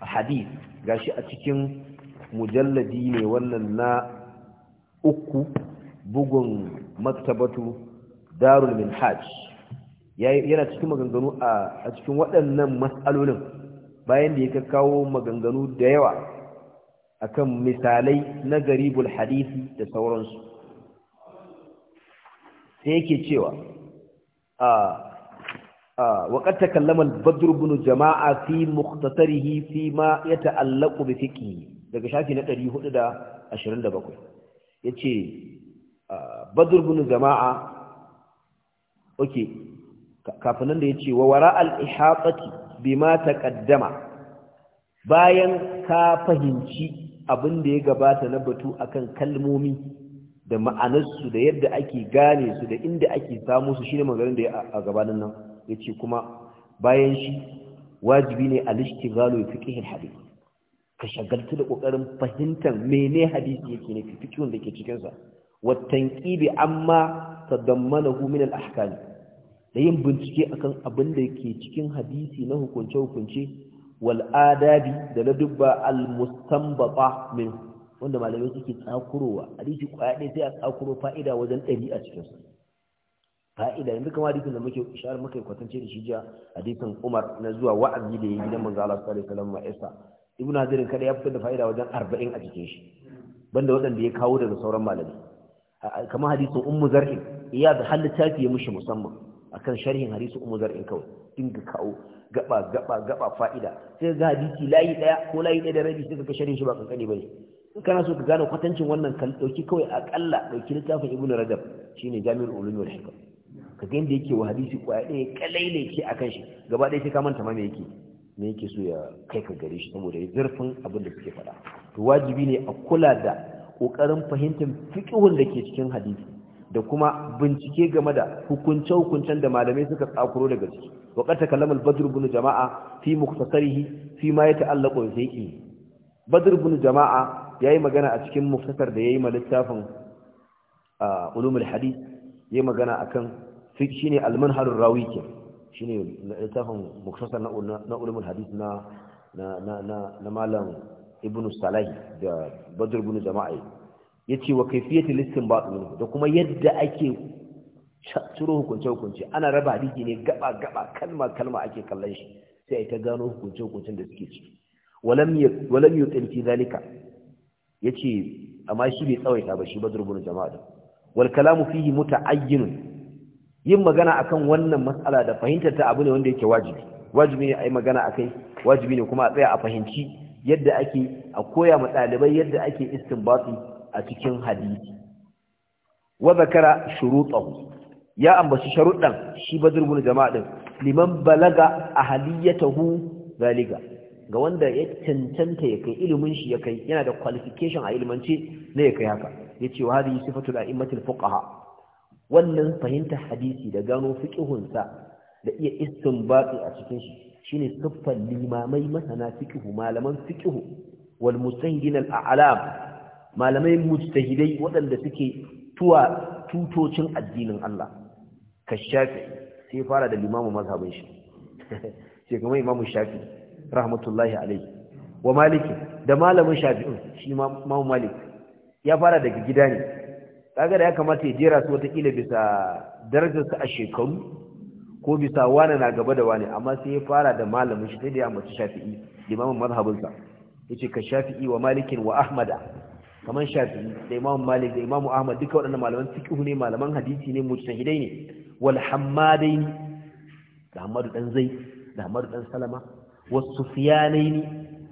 hadith gashi a cikin mujalladi ne wannan na uku bugun maktabatu darul minhaj yana cikin maganganu a cikin waɗannan matsalolin bayan da ya kawo maganganu da yawa akan misalai na garibul hadisi da sauransu sai yake cewa وقد تكلم fi بن جماعة في مختصره فيما bi بفقه daga shafi na 427 yace badr bin jama'a oke kafin nan da yace wa wara al ihatati bima taqaddama bayan ka fahimci abin da ya gabata na batu akan kalmomi da ma'anarsu da yadda ake gane su da inda ake samu su shine maganin da a gabanin nan yace kuma bayan shi wajibi ne a ishtighalu bi fiqh al ka shagaltu da ƙoƙarin fahimtar mene hadisi yake ne fiqhun da ke cikinsa, sa ƙibi, tanqibi amma tadammanahu mana al-ahkam da yin bincike akan abin da ke cikin hadisi na hukunce hukunce wal da da dubba al-mustanbata min. wanda malamai suke tsakurowa hadisi kwaya ɗaya sai a tsakuro fa'ida wajen ɗari a cikinsa fa'ida yanzu kama hadisin da muke ishar muka kwatance da shi jiya hadisin umar na zuwa wa'azi da ya yi gidan manzo Allah sallallahu alaihi wasallam ma'isa ibnu hajarin kada ya fitar da fa'ida wajen 40 a cikin shi banda waɗanda ya kawo daga sauran malamai kamar hadisin ummu zar'in iya da hal littafi ya mushi musamman akan sharhin hadisin ummu zar'in kawai dinga kawo gaba gaba gaba fa'ida sai ga hadisi layi daya ko layi daya da rabi sai ka sharhin shi ba kankani bane kana so ka gane kwatancin wannan kan dauki kawai akalla ɗauki littafin ibn rajab shine jami'ul ulum wal hikam ka ga inda yake wa hadisi kwaya ɗaya kalaile ce akan shi gaba ɗaya sai ka manta ma me yake me yake so ya kai ka gare shi saboda zurfin abin da suke faɗa to wajibi ne a kula da kokarin fahimtar fiqhun da ke cikin hadisi da kuma bincike game da hukunce-hukuncen da malamai suka tsakuro daga ciki wakata kalamar badr ibn jama'a fi muktasarihi fi ma ya bi sayyi badr ibn jama'a Ya yi magana a cikin muftasar da ya yi ma littafin ulumul Ya yi magana akan shine al-manharur rawi ke shine littafin muftasar na ulumul na na malam ibn Salahi da badr ibn Ya ce wa kayfiyatul istinbat minhu da kuma yadda ake ciro hukunce hukunce ana raba hadisi ne gaba gaba kalma kalma ake kallon shi sai ta gano hukunce hukuncen da suke ciki walam walam yutin zalika yace amma shi bai tsawaita ba shi badr jama'a wal kalamu fihi muta'ayyin yin magana akan wannan matsala da fahimtar ta abu ne wanda yake wajibi wajibi ne ai magana akai wajibi ne kuma a tsaya a fahimci yadda ake a koya ma ɗalibai yadda ake istinbati a cikin hadisi wa zakara shurutahu ya ambaci sharuɗan shi badr jama'a din liman balaga ahaliyatahu zaliga. ga wanda ya cancanta ya kai ilimin shi ya kai yana da qualification a ilimance na ya kai haka ya ce wa hadhihi sifatu a'immatil fuqaha wannan fahimta hadisi da gano sa da iya istinbati a cikin shi shine siffar limamai masana fiqihu malaman fiqihu wal mustahidin al a'lam malamai mujtahidai waɗanda suke tuwa tutocin addinin Allah kashafi sai fara da limamu mazhabin shi sai kuma imamu shafi rahmatullahi alaihi wa maliki da malamin shafi'un, shi ma malik ya fara daga gida ne kaga da ya kamata ya jera su watakila bisa darajarsa a shekaru ko bisa wani na gaba da wani. amma sai ya fara da malamin shi sai da ya ambaci shafi'i limamin mazhabinsa yace ka shafi'i wa malikin wa ahmada kaman shafi'i da imamu malik da imamu ahmad duka waɗannan malaman fiqh ne malaman hadisi ne mujtahidai ne wal hammadaini da hamadu dan zai da hamadu dan salama والسفيانين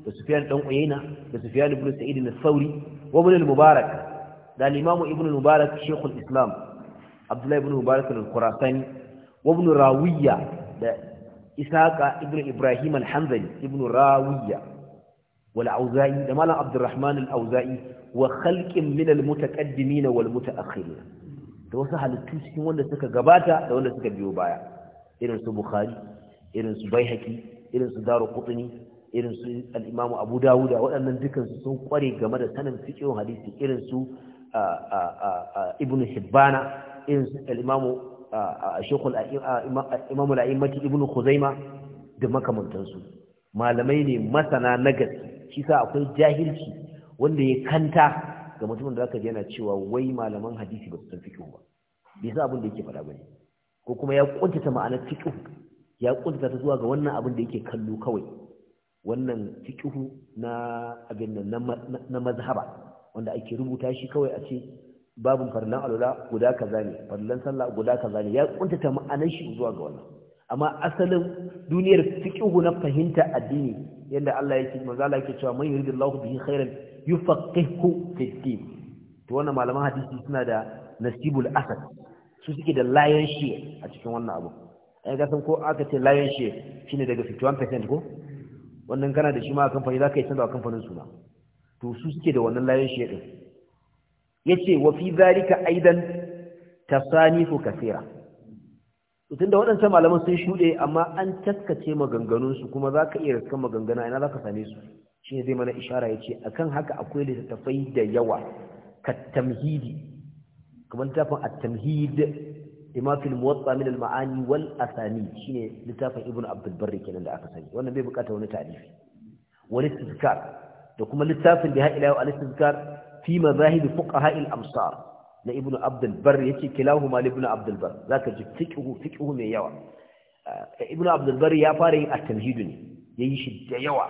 وسفيان بن عيينة وسفيان بن سعيد الثوري وابن المبارك ده الإمام ابن المبارك شيخ الإسلام عبد الله بن مبارك الخراساني وابن راوية ده إسحاق ابن إبراهيم الحنظلي ابن راوية والأوزائي ده مالا عبد الرحمن الأوزائي وخلق من المتقدمين والمتأخرين da wasu halittu cikin wanda suka gabata da wanda suka biyo baya irin su bukhari irin su baihaqi irin su daru kutuni irin su al-imamu abu dawuda waɗannan dukansu sun kware game da sanin fiqhun hadisi irin su Ibn hibbana irin su al-imamu shaykhul imamu al-a'immati ibnu khuzaima da makamantansu malamai ne masana na gaske shi sa akwai jahilci wanda ya kanta ga mutumin da aka ji yana cewa wai malaman hadisi ba su san fiqh ba bai abin da yake faɗa bane ko kuma ya kuntata ma'anar fiqh ya kunta zuwa ga wannan abin da yake kallo kawai wannan fiqhu na abin nan na mazhaba wanda ake rubuta shi kawai a ce babun farlan alula guda kaza ne farlan sallah guda kaza ne ya kunta ma'anar shi zuwa ga wannan amma asalin duniyar fiqhu na fahimta addini yanda Allah yake manzo Allah yake cewa man yuridillahu bihi khairan yufaqihu fi din to wannan malaman hadisi suna da nasibul asad su suke da layan shi a cikin wannan abu ya ga san ko aka ce lion share shine daga 51% ko wannan kana da shi ma a kamfani ka yi sanda a kamfanin suna to su suke da wannan lion share ya ce wa fi zalika aidan ko Kasira? tun da waɗancan malaman sun shuɗe amma an taskace maganganunsu kuma za ka iya raskan maganganu ina za ka same su shi ne zai mana ishara ya ce a kan haka akwai littattafai da yawa ka tamhidi kamar tafin a tamhidi. lima muwatta min al ma'ani wal asami shine littafin ibn abdul barri kenan da aka sani wannan bai bukata wani tarihi wani istizkar da kuma littafin da ha'ila al istizkar fi mazahib fuqaha al amsar na ibn abdul barri yace kilahuma ibn abdul barr zaka ji fiqhu fiqhu mai yawa ibn abdul barri ya fara yin at-tamhid ne yayi shi da yawa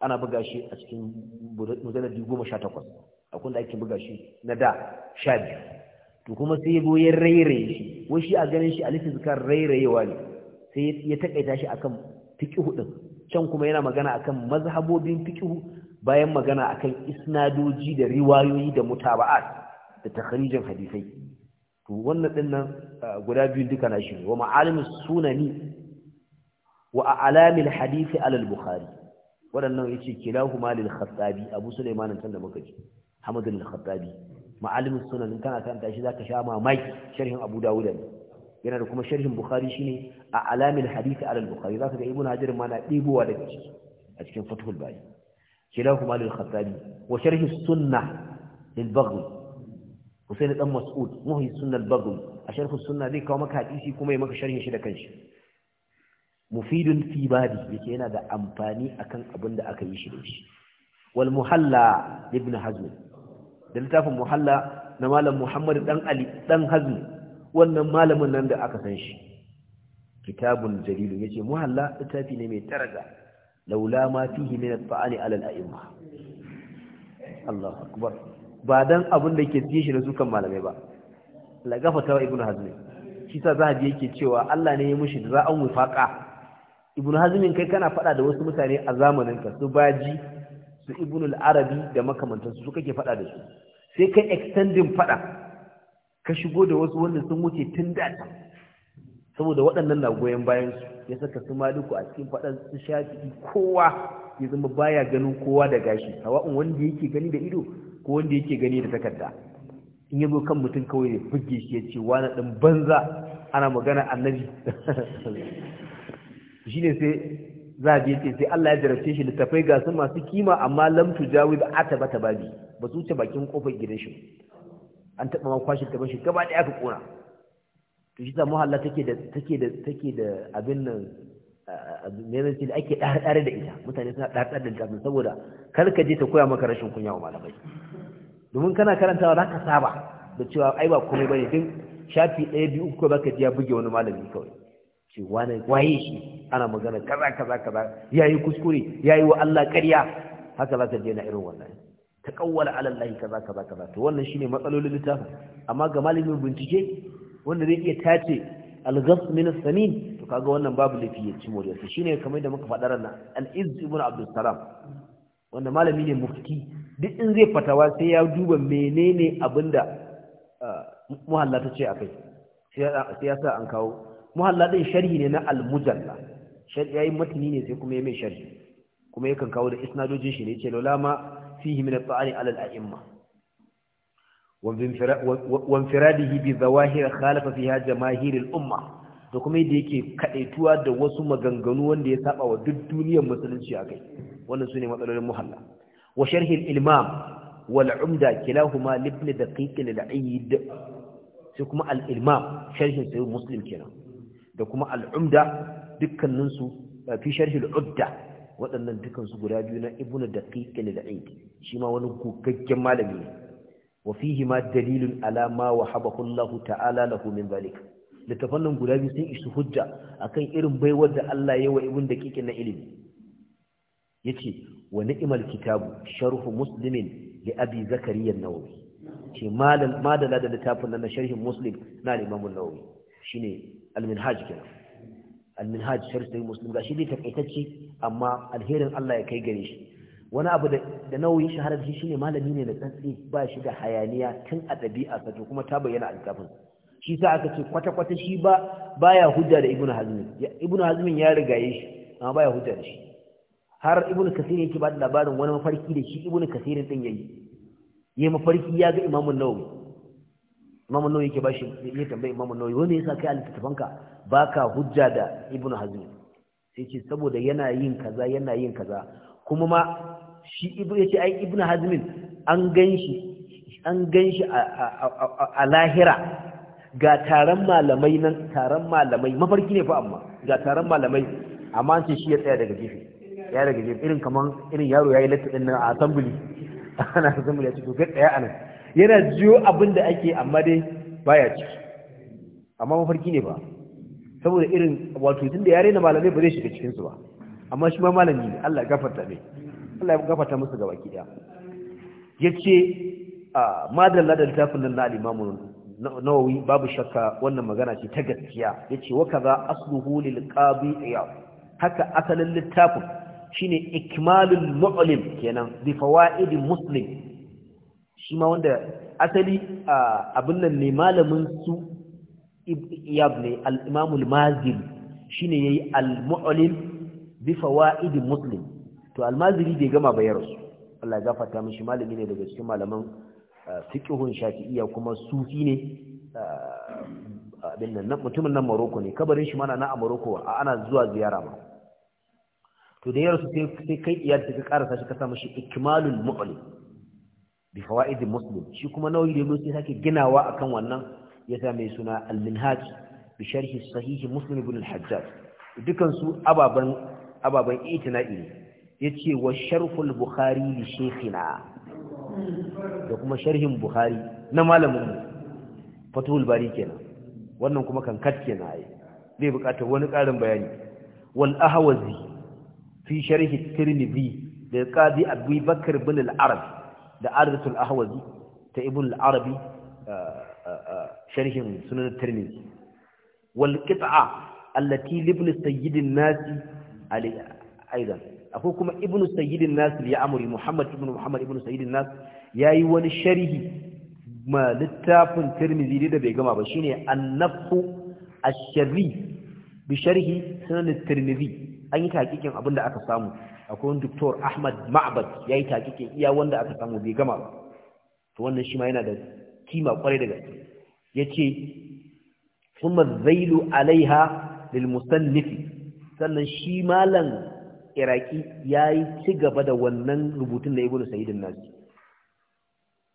ana buga shi a cikin mujalladi 18 akwai da ake buga shi na da 12 to kuma sai ya zo ya rairaye shi wai shi a ganin shi alizkar rairayewa ne sai ya takaita shi akan fiƙihu ɗin, can kuma yana magana akan mazhabobin fiƙihu, bayan magana akan isnadoji da riwayoyi da mutaba'at da takhrijin hadisai to wannan dinnan guda biyu duka na shi wa ma'alimus sunani wa a'lamil hadisi alal al-bukhari wadannan yace kilahuma lil khattabi abu sulaiman tan da muka ji hamdul khattabi ma'alimin sunan kana karanta shi zaka sha mamaki sharhin abu dawuda ne yana da kuma sharhin bukhari shine a alamin hadisi ala al-bukhari zaka ga ibnu hajar ma na dibowa daga ciki a cikin fathul bari kilahuma lil khattabi wa sharhi sunnah lil baghi husayn dan mas'ud muhi sunnah al baghi a sharhi sunnah zai kawo maka hadisi kuma ya maka sharhin shi da kanshi mufidun fi babi yake yana da amfani akan abin da aka yi shi da shi wal muhalla ibn hazm da littafin muhalla na malam muhammadu dan ali dan hazmi wannan malamin nan da aka san shi kitabun jalilu ce muhalla littafi ne mai taraga. laula ma fihi min at-ta'ani ala al-a'imma Allahu akbar ba dan abin da yake ji shi da sukan malamai ba la gafata wa ibnu hazmi shi sa zahabi yake cewa Allah ne ya mushi da za'an wifaqa ibnu hazmin kai kana fada da wasu mutane a zamanin ka su baji su ibnul arabi da makamantansu su kake faɗa da su sai kai extending faɗa ka shigo da wasu wanda sun wuce tun da saboda waɗannan na goyon bayan su ya saka su maliku a cikin faɗan su shafi kowa ya zama baya ganin kowa da gashi sawa'un wanda yake gani da ido ko wanda yake gani da takarda in yazo kan mutum kawai ne buge shi ya ce wani ɗin banza ana magana annabi shine sai za a biye sai Allah ya jarabce shi littafai ga su masu kima amma a taba ataba babi ba su wuce bakin kofar gidan shi an taba ma kwashi gaban shi gaba ɗaya aka kona to shi ta muhalla take da take da take da abin nan ne da ake dare da ita mutane suna dare da ita saboda kar ka je ta koya maka rashin kunya wa malamai domin kana karantawa za ka saba da cewa ai ba komai bane din shafi ɗaya biyu ko baka ji ya buge wani malami kawai ce wane waye shi ana magana kaza kaza kaza yayi kuskure yayi wa Allah ƙarya haka zaka je na irin wannan taqawwala ala Allah kaza kaza kaza to wannan shine matsalolin littafin amma ga malamin bincike wanda zai iya tace al ghaf min as-samin to kaga wannan babu lafi ya ci moriya shi shine kamar da muka faɗa ranna al-izz ibn abdul salam wanda malami ne mufti duk in zai fatawa sai ya duba menene abinda ah, muhallata ce akai sai ya sa an kawo muhalla sharhi ne na al-mujalla ya yi matni ne sai kuma ya mai sharhi kuma yakan kawo da isnadojin shi ne ce lolama fihi min at-ta'ani ala al-a'imma wa infiradihi bi zawahir khalafa fiha jamaahir al-umma da kuma yadda yake kadaituwa da wasu maganganu wanda ya saba wa duk duniyar musulunci akai wannan sune matsalolin muhalla wa sharhi al-ilmam wal umda kilahuma libni daqiq al-aid sai kuma al-ilmam sharhin sahih muslim kenan da kuma al'umda dukkaninsu eh, fi sharhi al'udda waɗannan dukansu guda biyu na ibnu daqiq al shi ma wani gogaggen malami ne wa fihi ma dalilin ala ma wahabahu ta'ala lahu min zalik littafan nan guda biyu sun isu hujja akan irin baiwar da Allah ya wa ibnu daqiq na ilimi yace wa ni'mal kitabu sharhu muslimin li abi zakariya an-nawawi ce madala da littafin nan na sharhin muslim na al-imam nawawi shine al-minhaj kenan al-minhaj muslim gashi takaitacce amma alherin Allah ya kai gare shi wani abu da nauyin shaharar shi shine malami ne da tsantsi ba shi da hayaniya tun a ɗabi'a sa to kuma ta bayyana a littafin shi sa aka ce kwata-kwata shi ba baya hujja da ibnu hazmin ibnu hazmin ya rigaye shi amma baya hujja da shi har ibnu kasir yake ba da labarin wani mafarki da shi ibnu kasir din yayi yayi mafarki ya ga imamu nawawi imamu nauyi ke bashi ya tambayi imamu nauyi wani sa kai alittafanka ka hujja da ibn hazm sai ce saboda yana yin kaza yana yin kaza kuma ma shi ibn ce ai ibn hazm an gan an a lahira ga taron malamai nan taron malamai mafarki ne fa amma ga taron malamai amma an ce shi ya tsaya daga gefe ya daga gefe irin kamar irin yaro yi latsa din nan a assembly ana assembly ya ce to ga tsaya nan. yana jiyo abin da ake amma dai baya ciki amma mafarki ne ba saboda irin wato tun da yare na malamai ba zai shiga cikinsu ba amma shi ma malami ne Allah ya gafarta ne Allah ya gafarta musu gaba ya ce yace madalla da littafin nan na al-Imam Nawawi babu shakka wannan magana ce ta gaskiya yace wa kaza asluhu lil qabi haka asalin littafin shine ikmalul mu'lim kenan bi fawaid muslim shi ma wanda asali abin nan ne malamin su iyab ne al shi mazili shine yayi al-mu'lim bi fawaid muslim to al-mazili bai gama bayar su Allah ya gafarta mishi malami ne daga cikin malaman fiqhun shafi'iyya kuma sufi ne mutumin nan maroko ne kabarin shi mana na a maroko ana zuwa ziyara ma to da yaro su sai kai iyar ta ka karasa shi ka sa mishi ikmalul mu'lim bi fawaid muslim shi kuma nawawi da yake sake ginawa akan wannan ya sa mai suna al-minhaj bi sharhi sahih muslim ibn al-hajjaj dukan su ababan ababan itina'i ne yace wa sharhul bukhari li shaykhina da kuma sharhin bukhari na malamin fatul bari kenan wannan kuma kankat kenan ai zai bukata wani ƙarin bayani wal ahwazi fi sharhi tirmidhi da qadi abubakar bin al-arab da arzatul ahwazi ta ibn arabi sharhin sunan tirmidhi wal qit'a allati libn sayyidin nasi aidan akwai kuma ibn sayyidin nasi ya amuri muhammad ibn muhammad ibn sayyidin nasi yi wani sharhi ma littafin tirmidhi da bai gama ba shine annafu a sharri bi sharhi sunan tirmidhi an yi hakikin abin da aka samu akwai doktor Ahmad Ma'bad yi takikin iya wanda aka samu bai gama ba to wannan shi ma yana da kima kwarai da gaske ce, kuma zailu alaiha lil musannifi sannan shi malam iraki yayi ci gaba da wannan rubutun da ibnu sa'idin nasi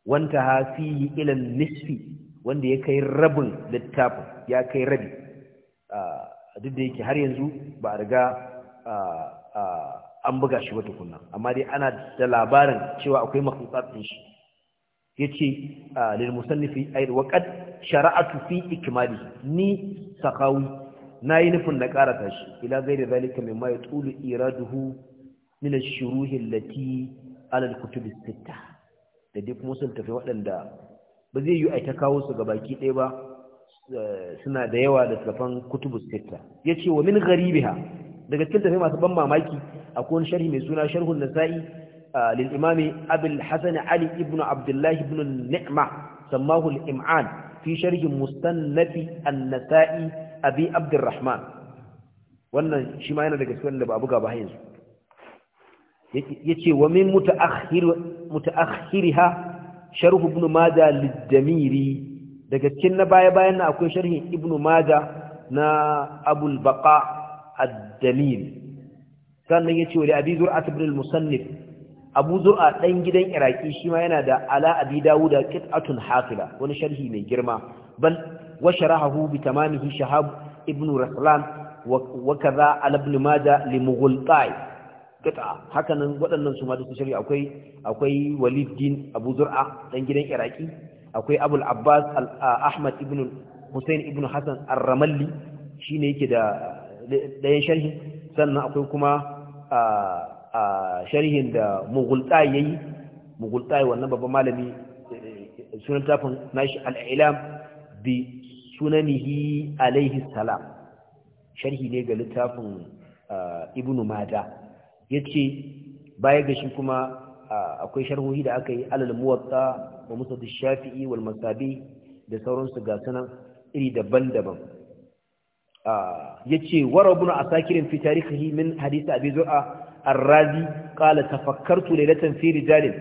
wanta hafihi ila nisfi wanda ya kai rabin littafin ya kai rabi ah, duk da yake har yanzu ba a riga ah, ah, an buga shi ba tukunna amma dai ana da labarin cewa akwai makhluqat din shi yace ah, lil musannifi ay wa qad shara'atu fi ikmali ni saqawi nayi nufin na karata shi ila ghairi zalika mimma yatulu iraduhu min ash-shuruhi allati ala al-kutub as sitta da duk sun tafi waɗanda ba zai yi ai ta kawo su ga baki ɗaya ba eh, suna da yawa da tafan kutubus sitta yace wa min gharibiha daga cikin tafi masu ban mamaki akwai sharhi mai suna sharhun nasa'i lil imami hasan ali ibn abdullah ibn ni'ma sammahu al im'an fi sharhi mustannaf an-nasa'i abi abdurrahman wannan shi ma yana daga cikin da ba buga ba yanzu yace wa min mutaakhir mutaakhiriha sharh ibn majah lid-damiri daga cikin na baya-bayan na akwai sharhin ibn maza na abul baqa ad-damiri sannan ya ce wa da abi zur'a ibn al-musannif abu zur'a gidan iraki shi ma yana da ala abi dawuda qit'atun hafila wani sharhi mai girma bal wa sharahahu bi tamamihi shahab ibn raslan wa kaza al ibn majah li hakanan waɗannan su ma da sharhi akwai akwai walid din abu zur'a gidan iraki akwai abul abbas ahmad ibn husain ibn hasan ar-ramalli shine yake da ɗayan sharhi sannan akwai kuma a sharhin da mughultai yayi mughultai wannan babban malami eh, sunan tafin nashi alilam bi sunanihi alaihi salam sharhi ne ga littafin ibnu mada ce, baya ga shi kuma akwai sharhohi da aka yi alal muwatta wa da shafi'i wal masabi da sauransu ga iri daban-daban yace warabuna asakirin fi tarihi min hadisi abi zur'a ar-razi qala tafakkartu laylatan fi rijalin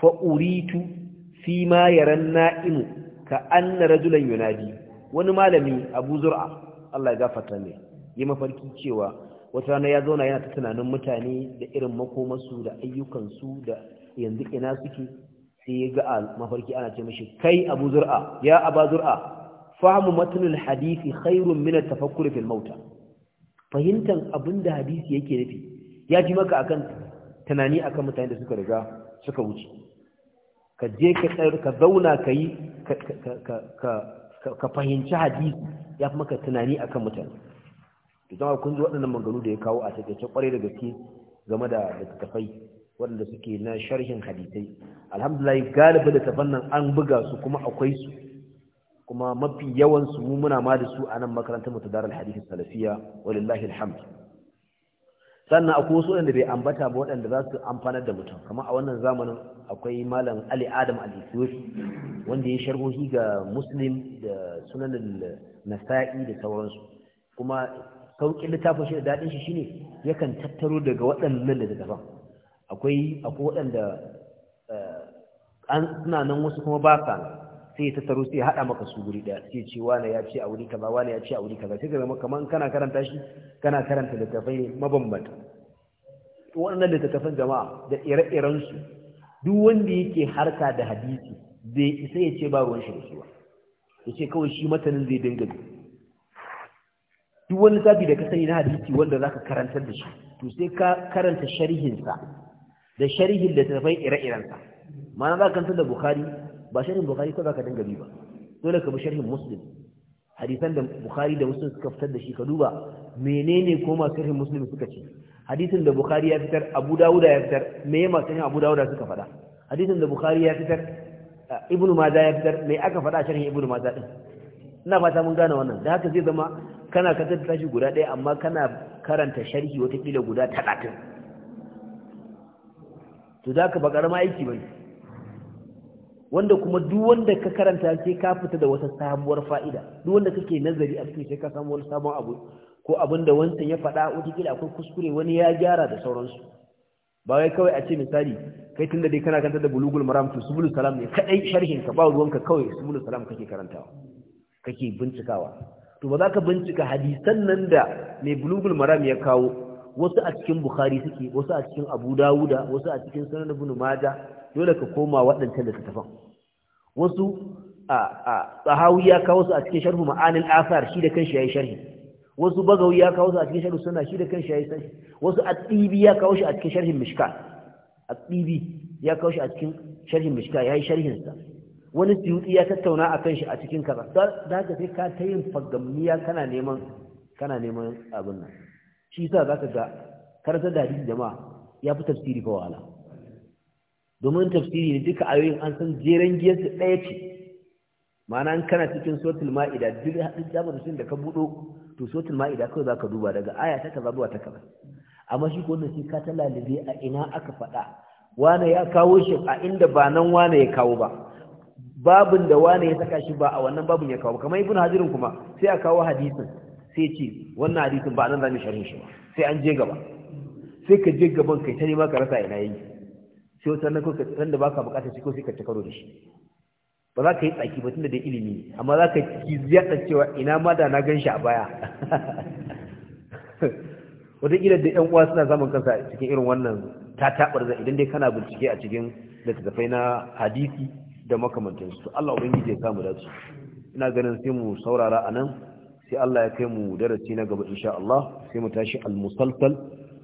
fa uritu fi ma yaran na'imu ka anna rajulan yunadi wani malami abu zur'a Allah ya gafarta mai yi mafarki cewa wata rana ya zauna yana ta tunanin mutane da irin makomarsu da ayyukansu da yanzu ina suke sai ya ga mafarki ana ce mashi kai abu zur'a ya aba zur'a fahmu matanin hadisi khairun min at fil mauta fahimtan abinda hadisi yake nufi ya ji maka akan tunani akan mutane da suka riga suka wuce ka je ka tsayar ka zauna ka yi ka fahimci hadisi ya fi maka tunani akan mutane da zama kun waɗannan maganganu da ya kawo a takaice ƙwarai da gaske game da littattafai waɗanda suke na sharhin hadisai alhamdulillah galibin da tafan nan an buga su kuma akwai su kuma mafi yawan su mu muna ma da su a nan makarantar mu ta darul salafiya. salafiyya walillahi alhamd sannan akwai wasu wanda bai ambata ba waɗanda za su amfanar da mutum kamar a wannan zamanin akwai malam Ali Adam al-Ethiopi wanda ya sharhohi ga Muslim da Sunan nasai da sauransu kuma sauƙin littafin shi da daɗin shi shine yakan tattaro daga waɗannan littattafan akwai akwai waɗanda eh, an suna nan wasu kuma ba sa sai ta taro sai hada maka su guri daya sai ce wani ya ce a wuri kaza wani ya ce a wuri kaza sai ka maka man kana karanta shi kana karanta littafai ne mabambanta waɗannan littattafan jama'a da ire-iren su duk wanda yake harka da hadisi zai isa ya ce ba ruwan shi da suwa ya ce kawai shi matanin zai dinga duk wani zabi da ka sani na hadisi wanda zaka karantar da shi to sai ka karanta sharhinsa da sharhin da tafai ire-irensa ma'ana za ka kanta da bukhari ba sharhin bukhari ko baka dinga bi ba dole ka bi sharhin muslim hadisan da bukhari da muslim suka fitar da shi ka duba menene ko ma sharhin muslim suka ce hadisin da bukhari ya fitar abu dawuda ya fitar me ya masu abu dawuda suka faɗa hadisin da bukhari ya fitar eh, ibnu maza ya fitar me aka faɗa sharhin ibnu maza din ina fata mun gane wannan da haka zai zama kana katar tashi guda ɗaya amma kana karanta sharhi watakila guda talatin to za ka ba ƙarama aiki bane wanda kuma duk wanda ka karanta sai ka fita da wata sabuwar fa'ida duk wanda kake nazari a cikin sai ka samu wani sabon abu ko abin da wancan ya faɗa wataƙila akwai kuskure wani ya gyara da sauransu ba wai kawai a ce misali kai tun da dai kana kanta da bulugul maram to subulu salam ne kaɗai sharhin ka ba ruwanka kawai subulu salam kake karantawa kake bincikawa to ba za ka bincika hadisan nan da mai bulugul maram ya kawo wasu a cikin bukhari suke wasu a cikin abu dawuda wasu a cikin sanar ibn majah dole ka koma waɗancan littattafan wasu a tsahawi ya kawo su a cikin sharhu ma'anin asar shi da kanshi yayi sharhi wasu bagawi ya kawo su a cikin sharhu sunna shi da kanshi yayi sharhi wasu at-tibi ya kawo shi a cikin sharhin mishkat at-tibi ya kawo shi a cikin sharhin mishkat yayi sharhin sa wani siyudi ya tattauna a kanshi a cikin kaza da haka sai ka ta yin fagammiya kana neman kana neman abin nan shi yasa zaka ga karatar da hadisi jama'a ya fi tafsiri fa wahala domin tafsiri ne duka ayoyin an san jeren giyarsu ɗaya ce ma'ana an kana cikin sotul ma'ida duk haɗin jama'a da ka buɗo to sotul ma'ida kawai za ka duba daga aya ta kaza zuwa ta kaza amma shi ko wanda shi ka ta lalube a ina aka faɗa wane ya kawo shi a inda ba nan wane ya kawo ba babin da wane ya saka shi ba a wannan babin ya kawo ba. kamar ibn hajirin kuma sai a kawo hadisin sai ce wannan hadisin ba nan za mu sharhin shi ba sai an je gaba sai ka je gaban kai ta nema ka rasa ina yake sai wata nan kuka san da baka bukatar shi ko sai ka ci karo da shi ba za ka yi tsaki ba tunda da ilimi amma za ka ki ziyarta cewa ina ma da na gan shi a baya wataƙila da 'yan uwa suna samun kansa cikin irin wannan taɓar za idan dai kana bincike a cikin littattafai na hadisi da makamantansu su Allah ubangiji ya samu dace ina ganin sai mu saurara a nan, sai Allah ya kai mu darasi na gaba insha Allah sai mu tashi al-musalsal